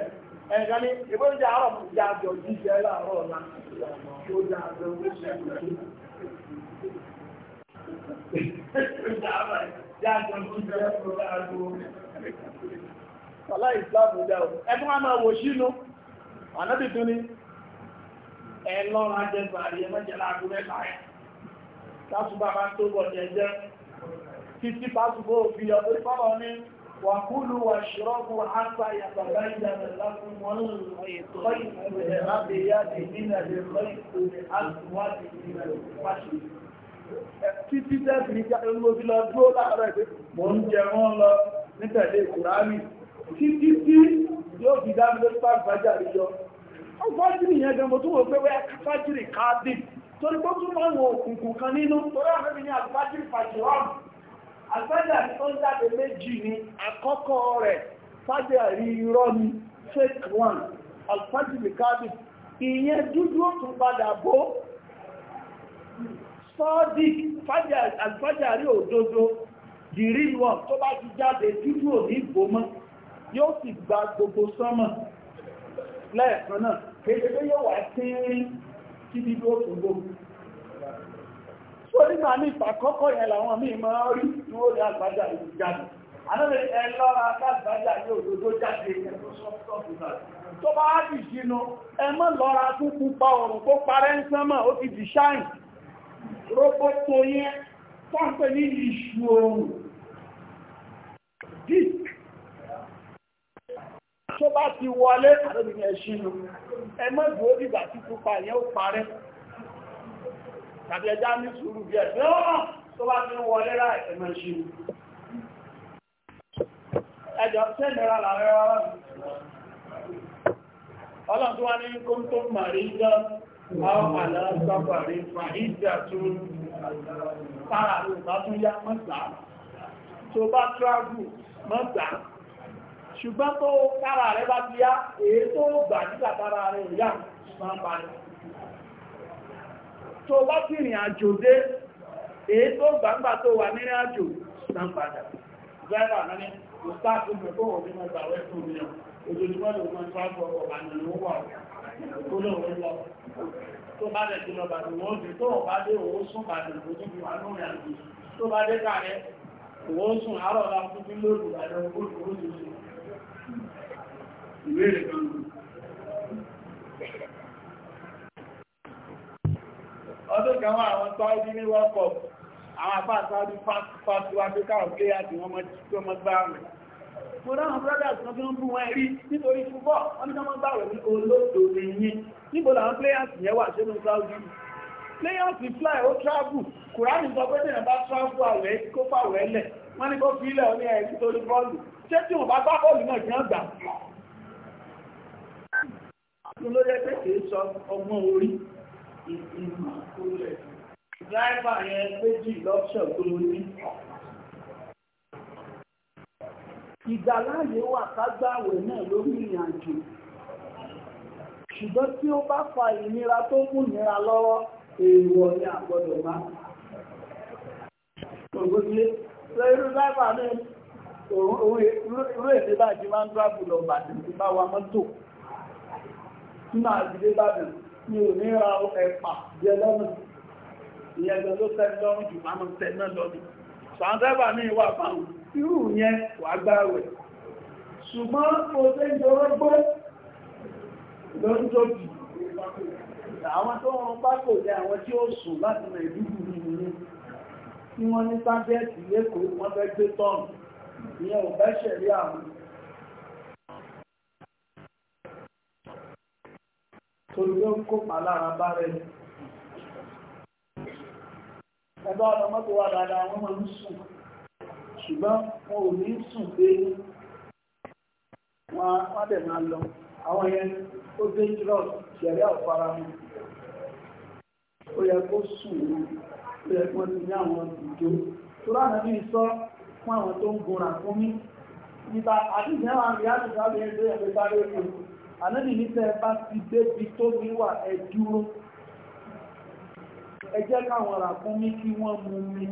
Ẹ̀gá ní ìbọn jẹ́ àárọ̀ mú jẹ́ àjọ jíjẹ láàárọ̀ ọ̀la. Ó jẹ́ àjọ oríṣẹ́ ìlú. Ó jẹ́ àjọ jíjẹ láàárọ̀ ọ̀la sọlá ìsìláàmù dá o ẹkún wa máa wò sínú ànábì tún ní ẹ lọ́ra jẹ bàrí ẹ mọ́jẹ láàbù rẹ láàyè lásùbà máa tó bọ̀ jẹjẹ títí pásùbò fi ọdún fọ́lọ́ ní wàkúlù wà ṣírọ́bù àpá ìyàbàbá ìjàmẹ̀ lákùn wọn ètò ìpínlẹ̀ lábẹ́yàdì nílẹ̀ lọ́ìpínlẹ̀ àtúwádìí nílẹ̀ pàṣẹ títí tẹ́sì ní jáde lóbi lọ dúró láàárọ̀ ìpé mò ń jẹ wọ́n lọ nítẹ̀lé títí tí yóò fi dámi lórí pàgbàjà yọ ọgbọ́jìrì yẹn gan mo tún wò pé wẹ́ fájìrì káàdì torí pé tún máa ń wo òkùnkùn kan nínú torí àwọn ẹbí ní àfájìrì fàjìwọ́n àfájà ní tó ń jáde méjì ni àkọ́kọ́ rẹ̀ fájà rí irọ́ ni fake one alfájìrì káàdì ìyẹn dúdú ó tún padà bó sọ́ọ́dì fájà rí òdodo the real one tó bá ti jáde dúdú ò ní ìbò yóò sì gba gbogbo sánmà lẹ́ẹ̀kan náà kéjẹ́gbé yóò wà tínrín kí bí bí ó tún gbó so nígbà ní ìfàkọ́kọ́ yẹn làwọn míì máa rí ní ó rí àgbájá ìlú jáde àlọ́lẹ̀ ẹ lọ́ra àgbájá ní òdòdó jáde tó bá dì sínú ẹ mọ́ lọ́ra tún pupa ọ̀rùn tó parẹ́ ń sánmà ó ti dì ṣáìn roboto yẹn tọ́pẹ̀ ní ìṣù oòrùn tó bá ti wọlé àrẹ́bìnrin ẹ̀ṣínú ẹmọ́gbò dìgbà tí púpà yẹn ó parẹ́ tàbí ẹjá ní sùúrù bí ẹ̀ tó bá ti wọlé láì ẹmọ́ ẹ̀ṣínú ẹjọ́ tẹ́lẹ̀ra làrẹ́ ọlọ́run tó wá ní kó ń tó màrí jọ àwọn àlàáfàfàrí fàíjà tó tààrà ló bá tún yá mọ́ta tó bá tráàbù mọ́ta ṣùgbọ́n tó kára rẹ̀ bá ti yá èyí tó gbà nígbà tára rẹ̀ máa ń parí tó bá ti rìn àjò dé èyí tó gbà tó wà nínú àjò máa ń padà náà fún mi lè wọ́n tó àgbọ̀ ọ̀bà ní ìlú wà ìkóló òun lọ tó bá lẹ̀ ti lọ bàbí wọ́n jù tó ọ̀bá dé òun sùn ìbéèrè kan ọdún kan wá àwọn sáájú ní world cup àwọn apá sáájú fásitì africa òkè àti wọn mọ gbá rẹ̀ mo brothers kan tó ń bú wọn rí nítorí fúbọ̀ wọn ní mọ́ gbá rẹ̀ ní olóòtò lẹ́yìn níbo làwọn players yẹn wà bá travel àwẹ̀ lẹ̀ wọ́n ní kó fi ilẹ̀ ní bọ́ọ̀lù ṣé tí wọ́n bá gbá bọ́ọ̀lù tó ló jẹ́ pé kìí sọ ọgbọ́n orí ìmọ̀ tó lẹ̀. Dráìbà yẹn méjì lọ́pṣọ̀ tó ló ní. Ìgbàláyé wà kágbàwẹ̀ náà lórí ìrìnàjò. Ṣùgbọ́n tí ó bá fa ìnira tó kù nira lọ́wọ́, èèwọ̀ ni àgbọ̀dọ̀ máa. Ògbógbé, lẹ́yìn dráìbà náà, òun èrè bá jí máa ń drábù lọ bàtí bá wa mọ́tò tí máa dìde bàbẹ̀ ní òmíràn ẹ̀pà jẹ lọ́nà ìyẹ̀gbẹ̀ ló tẹ́lẹ̀ lọ́rùn jù máa ń tẹ́lẹ̀ lọ́dún sàǹtẹ́bà ní ìwà fáwọn irú yẹn wà gbáwẹ̀ ṣùgbọ́n mo tẹ́ jọrọ gbọ́ lọ́dọ́dì àwọn tó wọn bá kò jẹ àwọn tí ó sùn láti nà ìdúgbù wọ́n ní torí ó ń kópa lára bá rẹ̀ ẹ̀bá ọ̀nà mọ́tò wà dáadáa wọ́n máa ń sùn ṣùgbọ́n wọn ò ní sùn dé wọn á dẹ̀ máa lọ àwọn yẹn ó dé jírọ̀s ṣẹ̀rẹ́ ọ̀fara mu ó yẹ kó sùn wọn ó yẹ kó ti ní àwọn ìjó tó lánàá bí sọ fún àwọn tó ń gunra fún mi nípa àti ìjẹ́wà ní àtúntà bí ẹgbẹ́ ẹgbẹ́ sáré fún ànábì ní tẹ́ bá ti débi tó ní wà ẹ dúró ẹ jẹ́ káwọn ràkúnmí kí wọ́n mu mi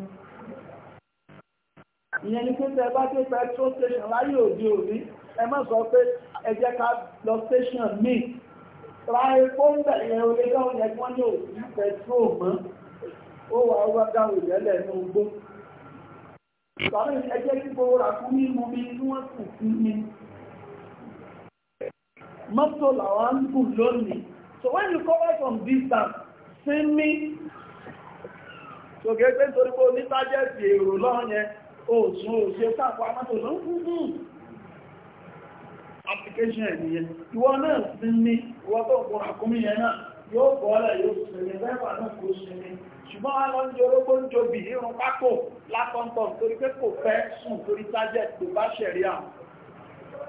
ìyẹn ni pé tẹ́ bá dé petrol station láyé òde òní ẹ má sọ pé ẹ jẹ́ ká lọ station míì ra epo ń bẹ̀ yẹn olè dáhùn yẹn kí wọ́n ní òsì petrol mọ́ ó wà ó wá dáhùn ìrẹ́lẹ̀ ní ogbó. Sọ̀rọ̀ ẹ jẹ́ kí gbogbo ràkúnmí mu mi kí wọ́n sì fún mi mọ́tò làwọn ń gùn lónìí so when you cover from distance get ògé pé torí pé onítàjẹ́sì èrò lọ́yẹn òṣùn òṣè sáàpù amátò ló ń fún fún application You want to ẹ̀nìyàn ìwọ náà sí ní ìwọ tó kún àkúmí yẹn náà yóò bọ́ọ̀lẹ̀ yóò sinmi lẹ́fà náà kó sinmi ṣùgbọ́n a lọ ń jẹ orógbó ń jobi irun pákó lápọ́ntọ̀ torí pé kò fẹ́ sùn torí tájẹ́ tó bá ṣẹ̀rí àwọn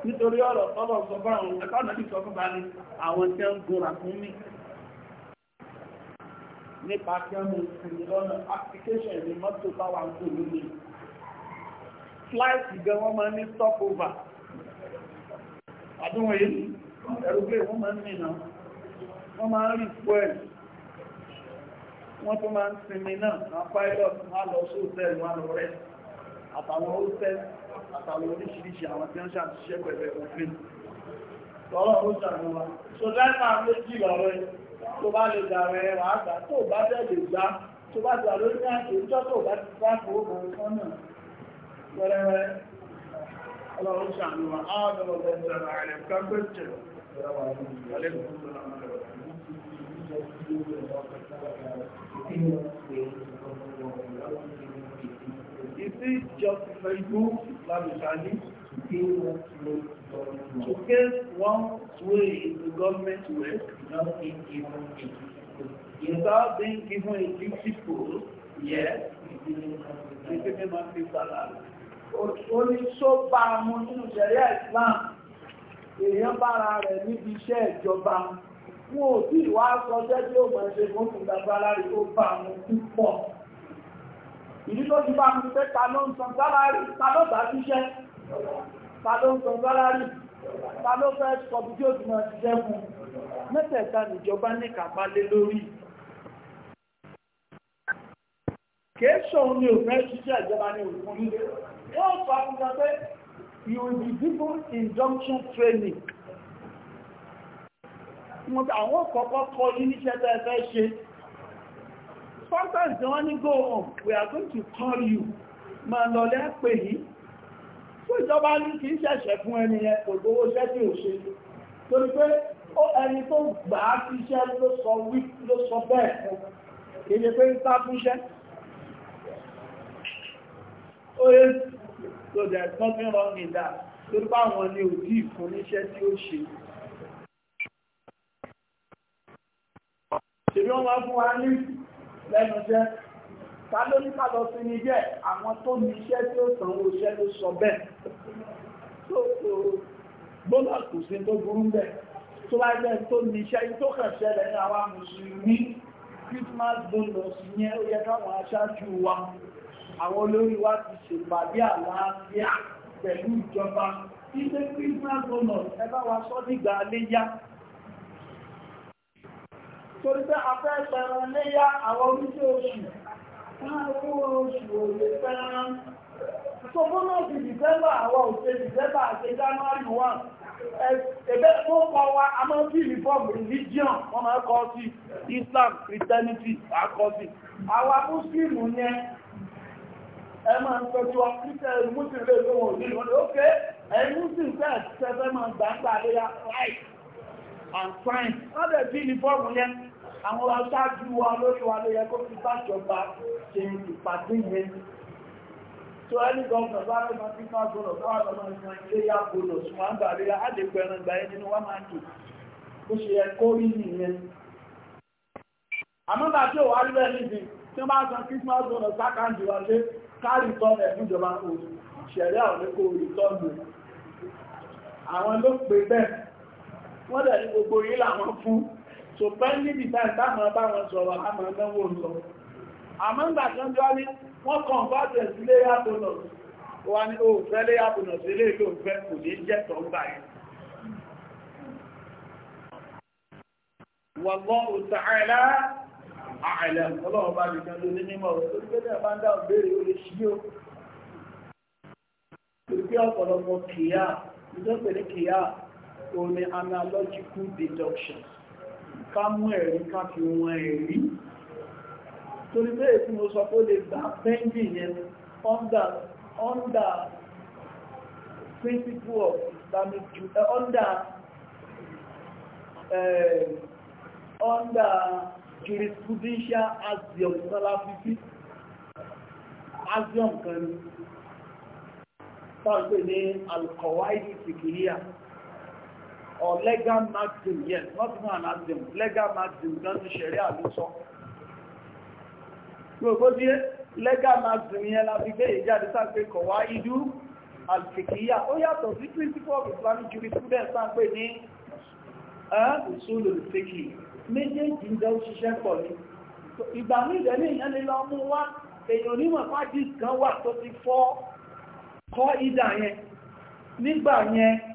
nítorí ọ̀rọ̀ tọ́lọ̀ sọ bá àwọn ẹ̀kọ́ náà sọ fún bá ní àwọn tí ó ń gora fún mi nípa kí wọ́n mú ìsinmi lọ́nà application ní mọ́tò táwa ń kó lómi flight gan wọ́n máa ní stop over àdúgbò yìí ẹ̀rùgbé wọ́n máa ń mìíràn wọ́n máa ń rí fuel wọ́n tó máa ń sinmi náà àwọn pilot máa lọ sí hòtẹ́ẹ̀lì wọn lọ rẹ̀ àtàwọn hòtẹ́ẹ̀lì àtàwọn oríṣiríṣi àwọn tí wọ́n ṣàtúnṣe pẹ̀lú òfin lọ́rọ̀ ó sàrò wa so lẹ́nà méjì lọ́rọ̀ tó bá lè gbà rẹ̀ wà á gbà tó bá dẹ̀ lè gbà tó bá gbà lórí àjò ìjọ́ tó bá ti bá fowó kan kan náà wẹ́rẹ́wẹ́rẹ́ ọlọ́run sàrò wa á lọ́rọ̀ bẹ́ẹ̀ sọ̀rọ̀ àrẹ̀ kan gbẹ̀jẹ̀ Thank you only justifiable Islamic value to gain to get one way the government work not being given it. Without being yes, the payment must be salary. Only so far, Mọ́sílù Ṣẹ̀ríà Islam, èèyàn bára rẹ̀ ti bá mi pé ta ló ń san sálárì ta ló bá ṣiṣẹ́ ta ló ń san sálárì ta ló fẹ́ sọ bí yóò ti máa ṣiṣẹ́ fún mẹ́tẹ̀ẹ̀ta nìjọba ní kápá lé lórí kéèṣọ́ ní òfẹ́ ṣiṣẹ́ ìjọba ní òfin yóò fà fún ọ pé you be given injunction training àwọn kọ̀ọ̀kọ́ kọ́ yí níṣẹ́ tẹ́ fẹ́ ṣe sometimes the want go home oh, we are going to call you ma lọ lẹ́pẹ̀ yìí fún ìjọba ní kì í ṣẹ̀ṣẹ̀ fún ẹni yẹn kò gbówó iṣẹ́ tí ò ṣe torí pé ó ẹni tó gbà á sí iṣẹ́ ló sọ wí ló sọ bẹ́ẹ̀ fún èdè pé ń sá fún iṣẹ́ ó yẹ so there is nothing wrong in that torí báwọn ni ò tí ìfún níṣẹ́ tí ó ṣe ṣèbí wọ́n máa fún wa ní lẹ́nu jẹ́ ta ló ní ká lọ sí ní jẹ́ àwọn tó ní iṣẹ́ tí ó sanwó iṣẹ́ ló sọ bẹ́ẹ̀ tó gbọ́dọ̀ kò sí tó burú bẹ́ẹ̀ tó bá jẹ́ tó ní iṣẹ́ tó kàn ṣẹlẹ̀ ní àwa mùsùlùmí Christmas bonus yẹn ó yẹ káwọn aṣáájú wa àwọn olórí wa ti ṣèpàdé àlàáfíà pẹ̀lú ìjọba ilé Christmas bonus ẹ bá wa sọ́ nígbà aléyá torí pé afẹ́ pẹ̀rún léyá àwọn oríṣi oṣù káàkó oṣù òye pẹ̀rún tó fún òsì dìsẹ́mbà àwọn òṣè dìsẹ́mbà àti january one ẹgbẹ́ tó kọ wa a máa bí reform religion wọ́n máa kọ́ sí islam christianity àkọ́ sí àwa muslim yẹn ẹ máa ń tọ́jú ọ christian muslim lè lóhùn òní lónìí ok ẹ muslim fẹ́ẹ̀ tẹ́fẹ́ máa gbàgbà léyà right and fine wọ́n dẹ̀ bí reform yẹn àwọn aṣáájú wa lórí wa ló yẹ kó fi bájọba ṣe ìpàdé yẹn tó ẹni gọ́ọ̀nà bá rẹ̀ máa fi máa gbọ́nà tó wà lọ́nà ìfún ilé yá gbọ́nà sùn máa ń gbà rí á lè pẹ̀rẹ̀ gbà yẹn nínú wá máa dùn bó ṣe yẹ kó rí nìyẹn àmọ́ bá tí ò wá rí bẹ́ẹ̀ níbi tí wọ́n bá san Christmas gbọ́nà sákàndì wa lé kárì tọ́nà ẹ̀fúnjọba òòrùn ṣẹ̀rẹ́ àwọn ní kò rí tọ́nà àwọn ló pè bẹ́ẹ̀ wọ́n dẹ̀ ní gbogbo yìí làwọn fún so pẹ́ndìdì táìtàmà bá wọn sọ̀rọ̀ àmà náwó lọ àmọ́ ìgbà kan jọ ní wọ́n kàn bá tẹ̀ sí léyà bonus wà ní o fẹ́ léyà bonus ilé ìlú fẹ́ kò ní jẹ́ tọ́ ń báyìí wallahu ta'ala a'lam ọlọ́run bá lè kan ló ní mímọ̀ orílẹ̀-èdè bá ń dá òbéèrè ó lè ṣí ó ìgbé ọ̀pọ̀lọpọ̀ kìíyà ìjọ́pẹ̀lẹ̀ kìíyà òní analogical deductions ká mú ẹ̀rí ká fi wọn ẹ̀rí torí pé èkú mo sọ pé ó lè gbà pẹ́ndì yẹn under under principle of Islamic eh, under uh, under jurisprudential axiom Salafi axiom kan ni pè ní alkọ̀wáìdì fìkìríà or legal maxim yes not even an maxim legal maxim gan ní ṣẹ̀rí àlùsọ gbogbo bí legal maxim yẹn la fi gbé ìjáde sáà pé kọ̀wá idú alfikiya ó yàtọ̀ sí principle of islamic jurisprudence sáà pé ní eh, usulul fiqhi méjèèjì ń jẹ́ òṣìṣẹ́ pọ̀ ní ìgbà ní ìdẹ́lẹ̀ ìyẹn lè lọ mú wá èèyàn onímọ̀ fájì kan wà tó ti fọ́ kọ́ ìdà yẹn nígbà yẹn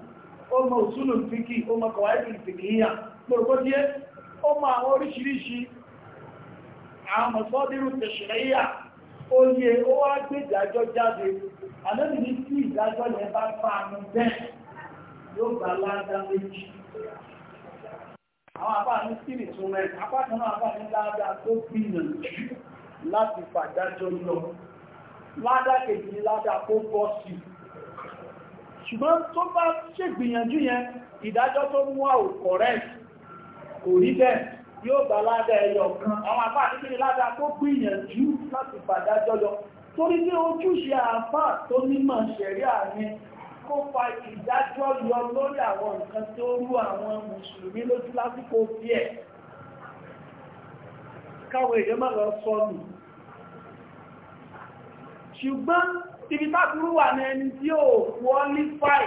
ó mọ òsúlù fíkì ó mọ kọ̀wáìkì fìkìyà gbogbo díẹ̀ ó mọ àwọn oríṣiríṣi àwọn mọ̀sọ́dírù tẹ̀ṣẹ̀rẹ́yà ó yẹ ó wá gbé ìdájọ́ jáde àlẹ́bì ní ìdájọ́ yẹn bá fàánú bẹ́ẹ̀ yóò gbà láàdá méjì láti pàdájọ́ lọ ládá kejì ládá kó bọ́ sí i ṣùgbọ́n tó bá ṣègbìyànjú yẹn ìdájọ́ tó mú wá ò correct kò rí bẹ́ẹ̀ yóò bá ládá ẹyọ kan àwọn àpá àti kíni ládá tó gbìyànjú láti pàdájọ́ lọ torí ní ojúṣe àpá tó nímọ̀ ṣẹ̀rí àmì kó fa ìdájọ́ yọ lórí àwọn nǹkan tó rú àwọn mùsùlùmí lójú lásìkò díẹ̀ káwọn èdè má lọ sọnù ṣùgbọ́n ibi tábúrú wà ní ẹni tí ó qualify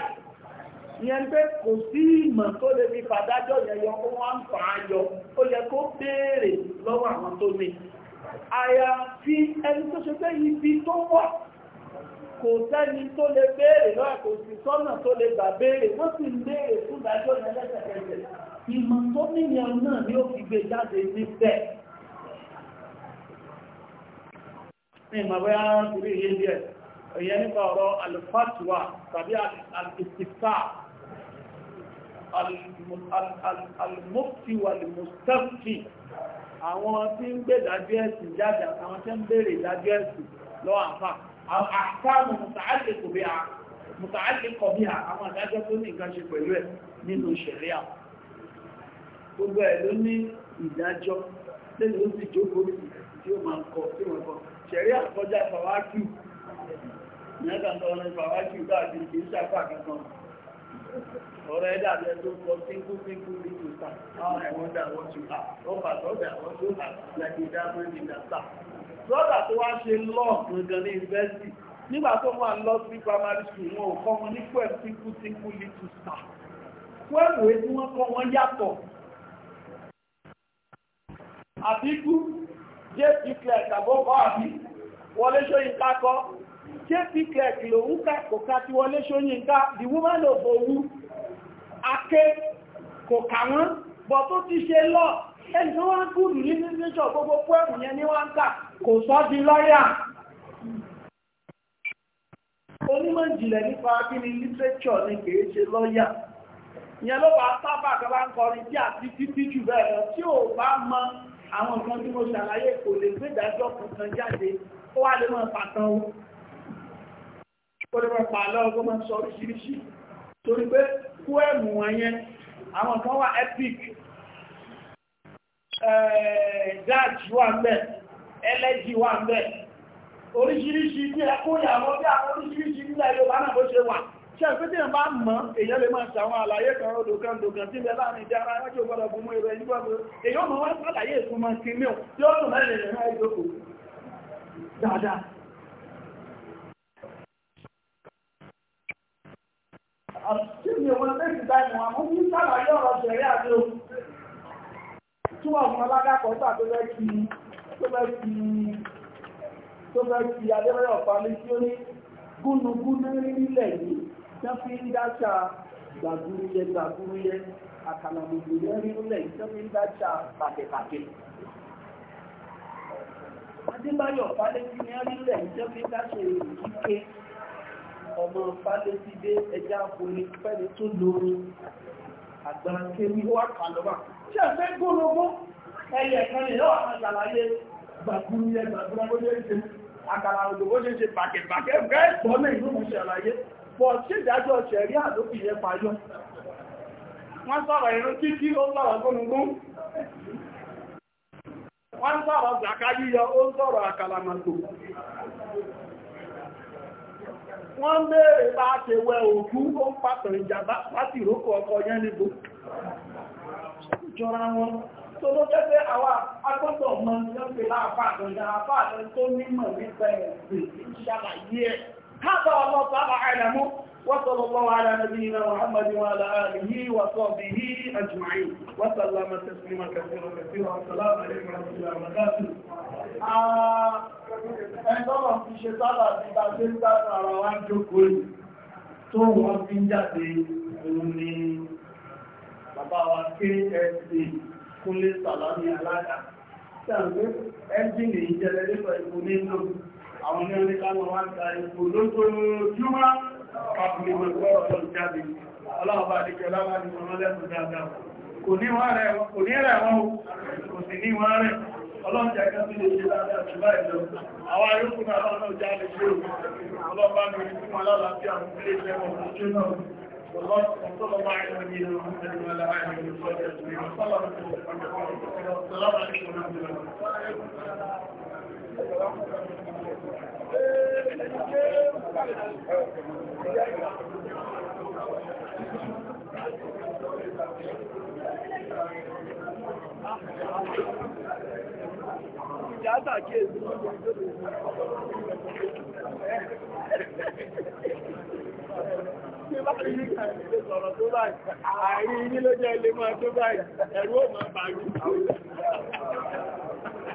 yẹn pé kò sí ìmọ̀ tó lè fi fàdájọ́ yẹn yọ kó wọ́n ń fà á yọ ó yẹ kó béèrè lọ́wọ́ àwọn tó ní àyàfi ẹni tó ṣe pé ibi tó wà kò sẹ́ni tó lè béèrè lọ́wọ́ kò sí sọ́nà tó lè gbà béèrè wọ́n sì ń béèrè fún ìdájọ́ yẹn lẹ́sẹ̀kẹsẹ̀ ìmọ̀ tó níyẹn náà ni ìyẹn nípa ọ̀rọ̀ alifatuwa tàbí alìsìfà alìmọ́fíwà alìmọ́sẹ́fì àwọn tí ń gbé ìdájọ́ ẹ̀sìn jáde àwọn tí ń béèrè ìdájọ́ ẹ̀sìn lọ àfà àkàmù mùtàálẹ́kọ̀ bí àwọn adájọ́ tó ní nǹkan ṣe pẹ̀lú ẹ̀ nínú ṣẹ̀ríà gbogbo ẹ̀ ló ní ìdájọ́ lẹ́yìn ó sì jókòó tí ó máa ń kọ sí wọn kan ṣẹ̀ríà kọjá fàwákì mẹ́tàntọ́ ọ̀rẹ́ ìfàwájú káàkiri kìí ṣàpá kankan ọ̀rẹ́ ẹ̀dàbẹ́ tó kọ dà wọ́n ti hà ó bà lọ́dà wọ́n tó hà lẹ́gbẹ̀ẹ́ dámọ́ ní ìdàtà lọ́dà tó wá ṣe lọ́ọ̀ gangan ní yunifásitì nígbà tó wà ń jp clerk lòun ká kò ká ti wọlé ṣóyínká the woman of owu aké kò kà wọ́n bọ̀ tó ti ṣe lọ ẹni tó wọ́n kú ní nígbẹ́jọ́ gbogbo pẹ́rù yẹn ní wọ́n ká kò sọ́ di lọ́yà onímọ̀ ìjìnlẹ̀ nípa kíni literature ni kìí ṣe lọ́yà ìyẹn ló bá sábà kọba ń kọrin tí àti títí jù bẹ́ẹ̀ lọ tí ò bá mọ àwọn nǹkan tí mo ṣàlàyé kò lè gbé ìdájọ́ kankan jáde ó wà lè mọ̀ pàtàn kó lè máa pàálọ́ ọgbọ́n máa sọ oríṣiríṣi torí pé kú ẹ̀mù wọn yẹn àwọn kan wà epic judge wà ń bẹ̀ ẹlẹ́jì wà ń bẹ̀ oríṣiríṣi bí ẹkúnyà wọn bí àwọn oríṣiríṣi nílẹ̀ Yorùbá náà bó ṣe wà ṣe ìpínlẹ̀ èèyàn bá mọ̀ èèyàn lè máa ṣàwọn àlàyé kan odòkan dòkan tí ilẹ̀ láàrin ìdí ara ẹjọ́ gbọ́dọ̀ gbogbo ẹ̀rọ ẹni gbọ́dọ̀ èèyàn mọ̀ wá sàlàyé ìfúnmọ́ kí mí ò tí ó dùn mẹ́rin ẹ̀rọ ẹjọ́ kò dáadáa Àti mi ò mọ tẹ́sì báyìí wọn, mo ní sàlàyé ọ̀rọ̀ ṣẹ̀rí àti o. Túwọ̀ ọmọ alágàkọ̀ nígbà tó fẹ́ kí tó fẹ́ kí tó fẹ́ kí Adébáyọ̀ Pálí tí ó ní gúnugúnú nílẹ̀ yìí, tí wọ́n fi ń dáṣà gbàgbúrúyẹ gbàgbúrúyẹ àkàlàmùgbò lẹ́rí nílẹ̀ yìí, tí wọ́n fi ń dáṣà pàtẹ́pàtẹ́. Adébáyọ̀ Pálí tí wọ́n rí ń dáṣà èyí kíké ọmọ fálétídé ẹja àpòlé pẹ́lẹ̀ tó lórí àgbàǹkéwí ó wà kàlọ́wà tí a fẹ́ gbónogó ẹyẹ kan lè lọ́wọ́ àwọn àṣàlàyé gbàgbúrú yẹ gbàgbúrú bó ṣe ń ṣe àkàrà òdò bó ṣe ń ṣe pàkẹ́pàkẹ́ ẹgbẹ́ ẹ̀gbọ́n náà ìlú mọ̀ ṣàlàyé pọ̀ sí ìdájọ́ ṣẹ̀rí àdókì yẹn payọ́ wọ́n sọ̀rọ̀ ìrún kíkí ó sọ̀rọ̀ gbónogó wọ́n sọ̀rọ̀ zàkáyíyọ ó sọ̀rọ̀ àkàlàmàtò wọ́n béèrè bá ṣe wẹ òkú ó ń pàtàkì ìjàmbá láti ìrókò ọkọ̀ yẹn níbo jọra wọn tó ló jẹ́ pé àwa agbọ́dọ̀ mọ lọ́pẹ̀ láàpáàdọ̀ ìyá àtọ̀ وصلى الله على نبينا محمد وعلى آله وصحبه أجمعين وسلم تسليما كثيرا كثيرا السلام عليكم ورحمة الله وبركاته Ẹgbọ́n fi ṣe sábà ti bá ṣe ń dáta ara wá jókòó yìí tó wọ́n fi ń jáde òun ni bàbá wa KSC Kúnlé Sàlámì Alága. Ṣé àwọn ẹ́jìnì ìjẹ́lẹ́lẹ́pẹ̀ ìpò nílò àwọn ní ọdún káwọn wá ń ta ìpò lójoojúmọ́ káàkiri gbọ́rọ̀ tó jáde ọlọ́ọ̀bá àdíkẹ́ láwọn ni wọ́n lẹ́kùn dáadáa kò ní rẹ̀ wọ́n kò sì ní wọ́n rẹ̀ ọlọ́ọ̀jẹ́ kan tó lè ṣe dáadáa jù láì lọ àwọn ayókù náà lọ́nà jáde ṣe ọlọ́ọ̀bá mi rí fún alálàáfíà fún ilé iṣẹ́ wọn kò jóná وصلى الله على نبينا محمد وعلى اله وصحبه اجمعين وصلى الله السلام عليكم ورحمه الله وبركاته Àárín ilé ló jẹ́ ilé máa tó báyìí, ẹ̀rú ò máa bàrú.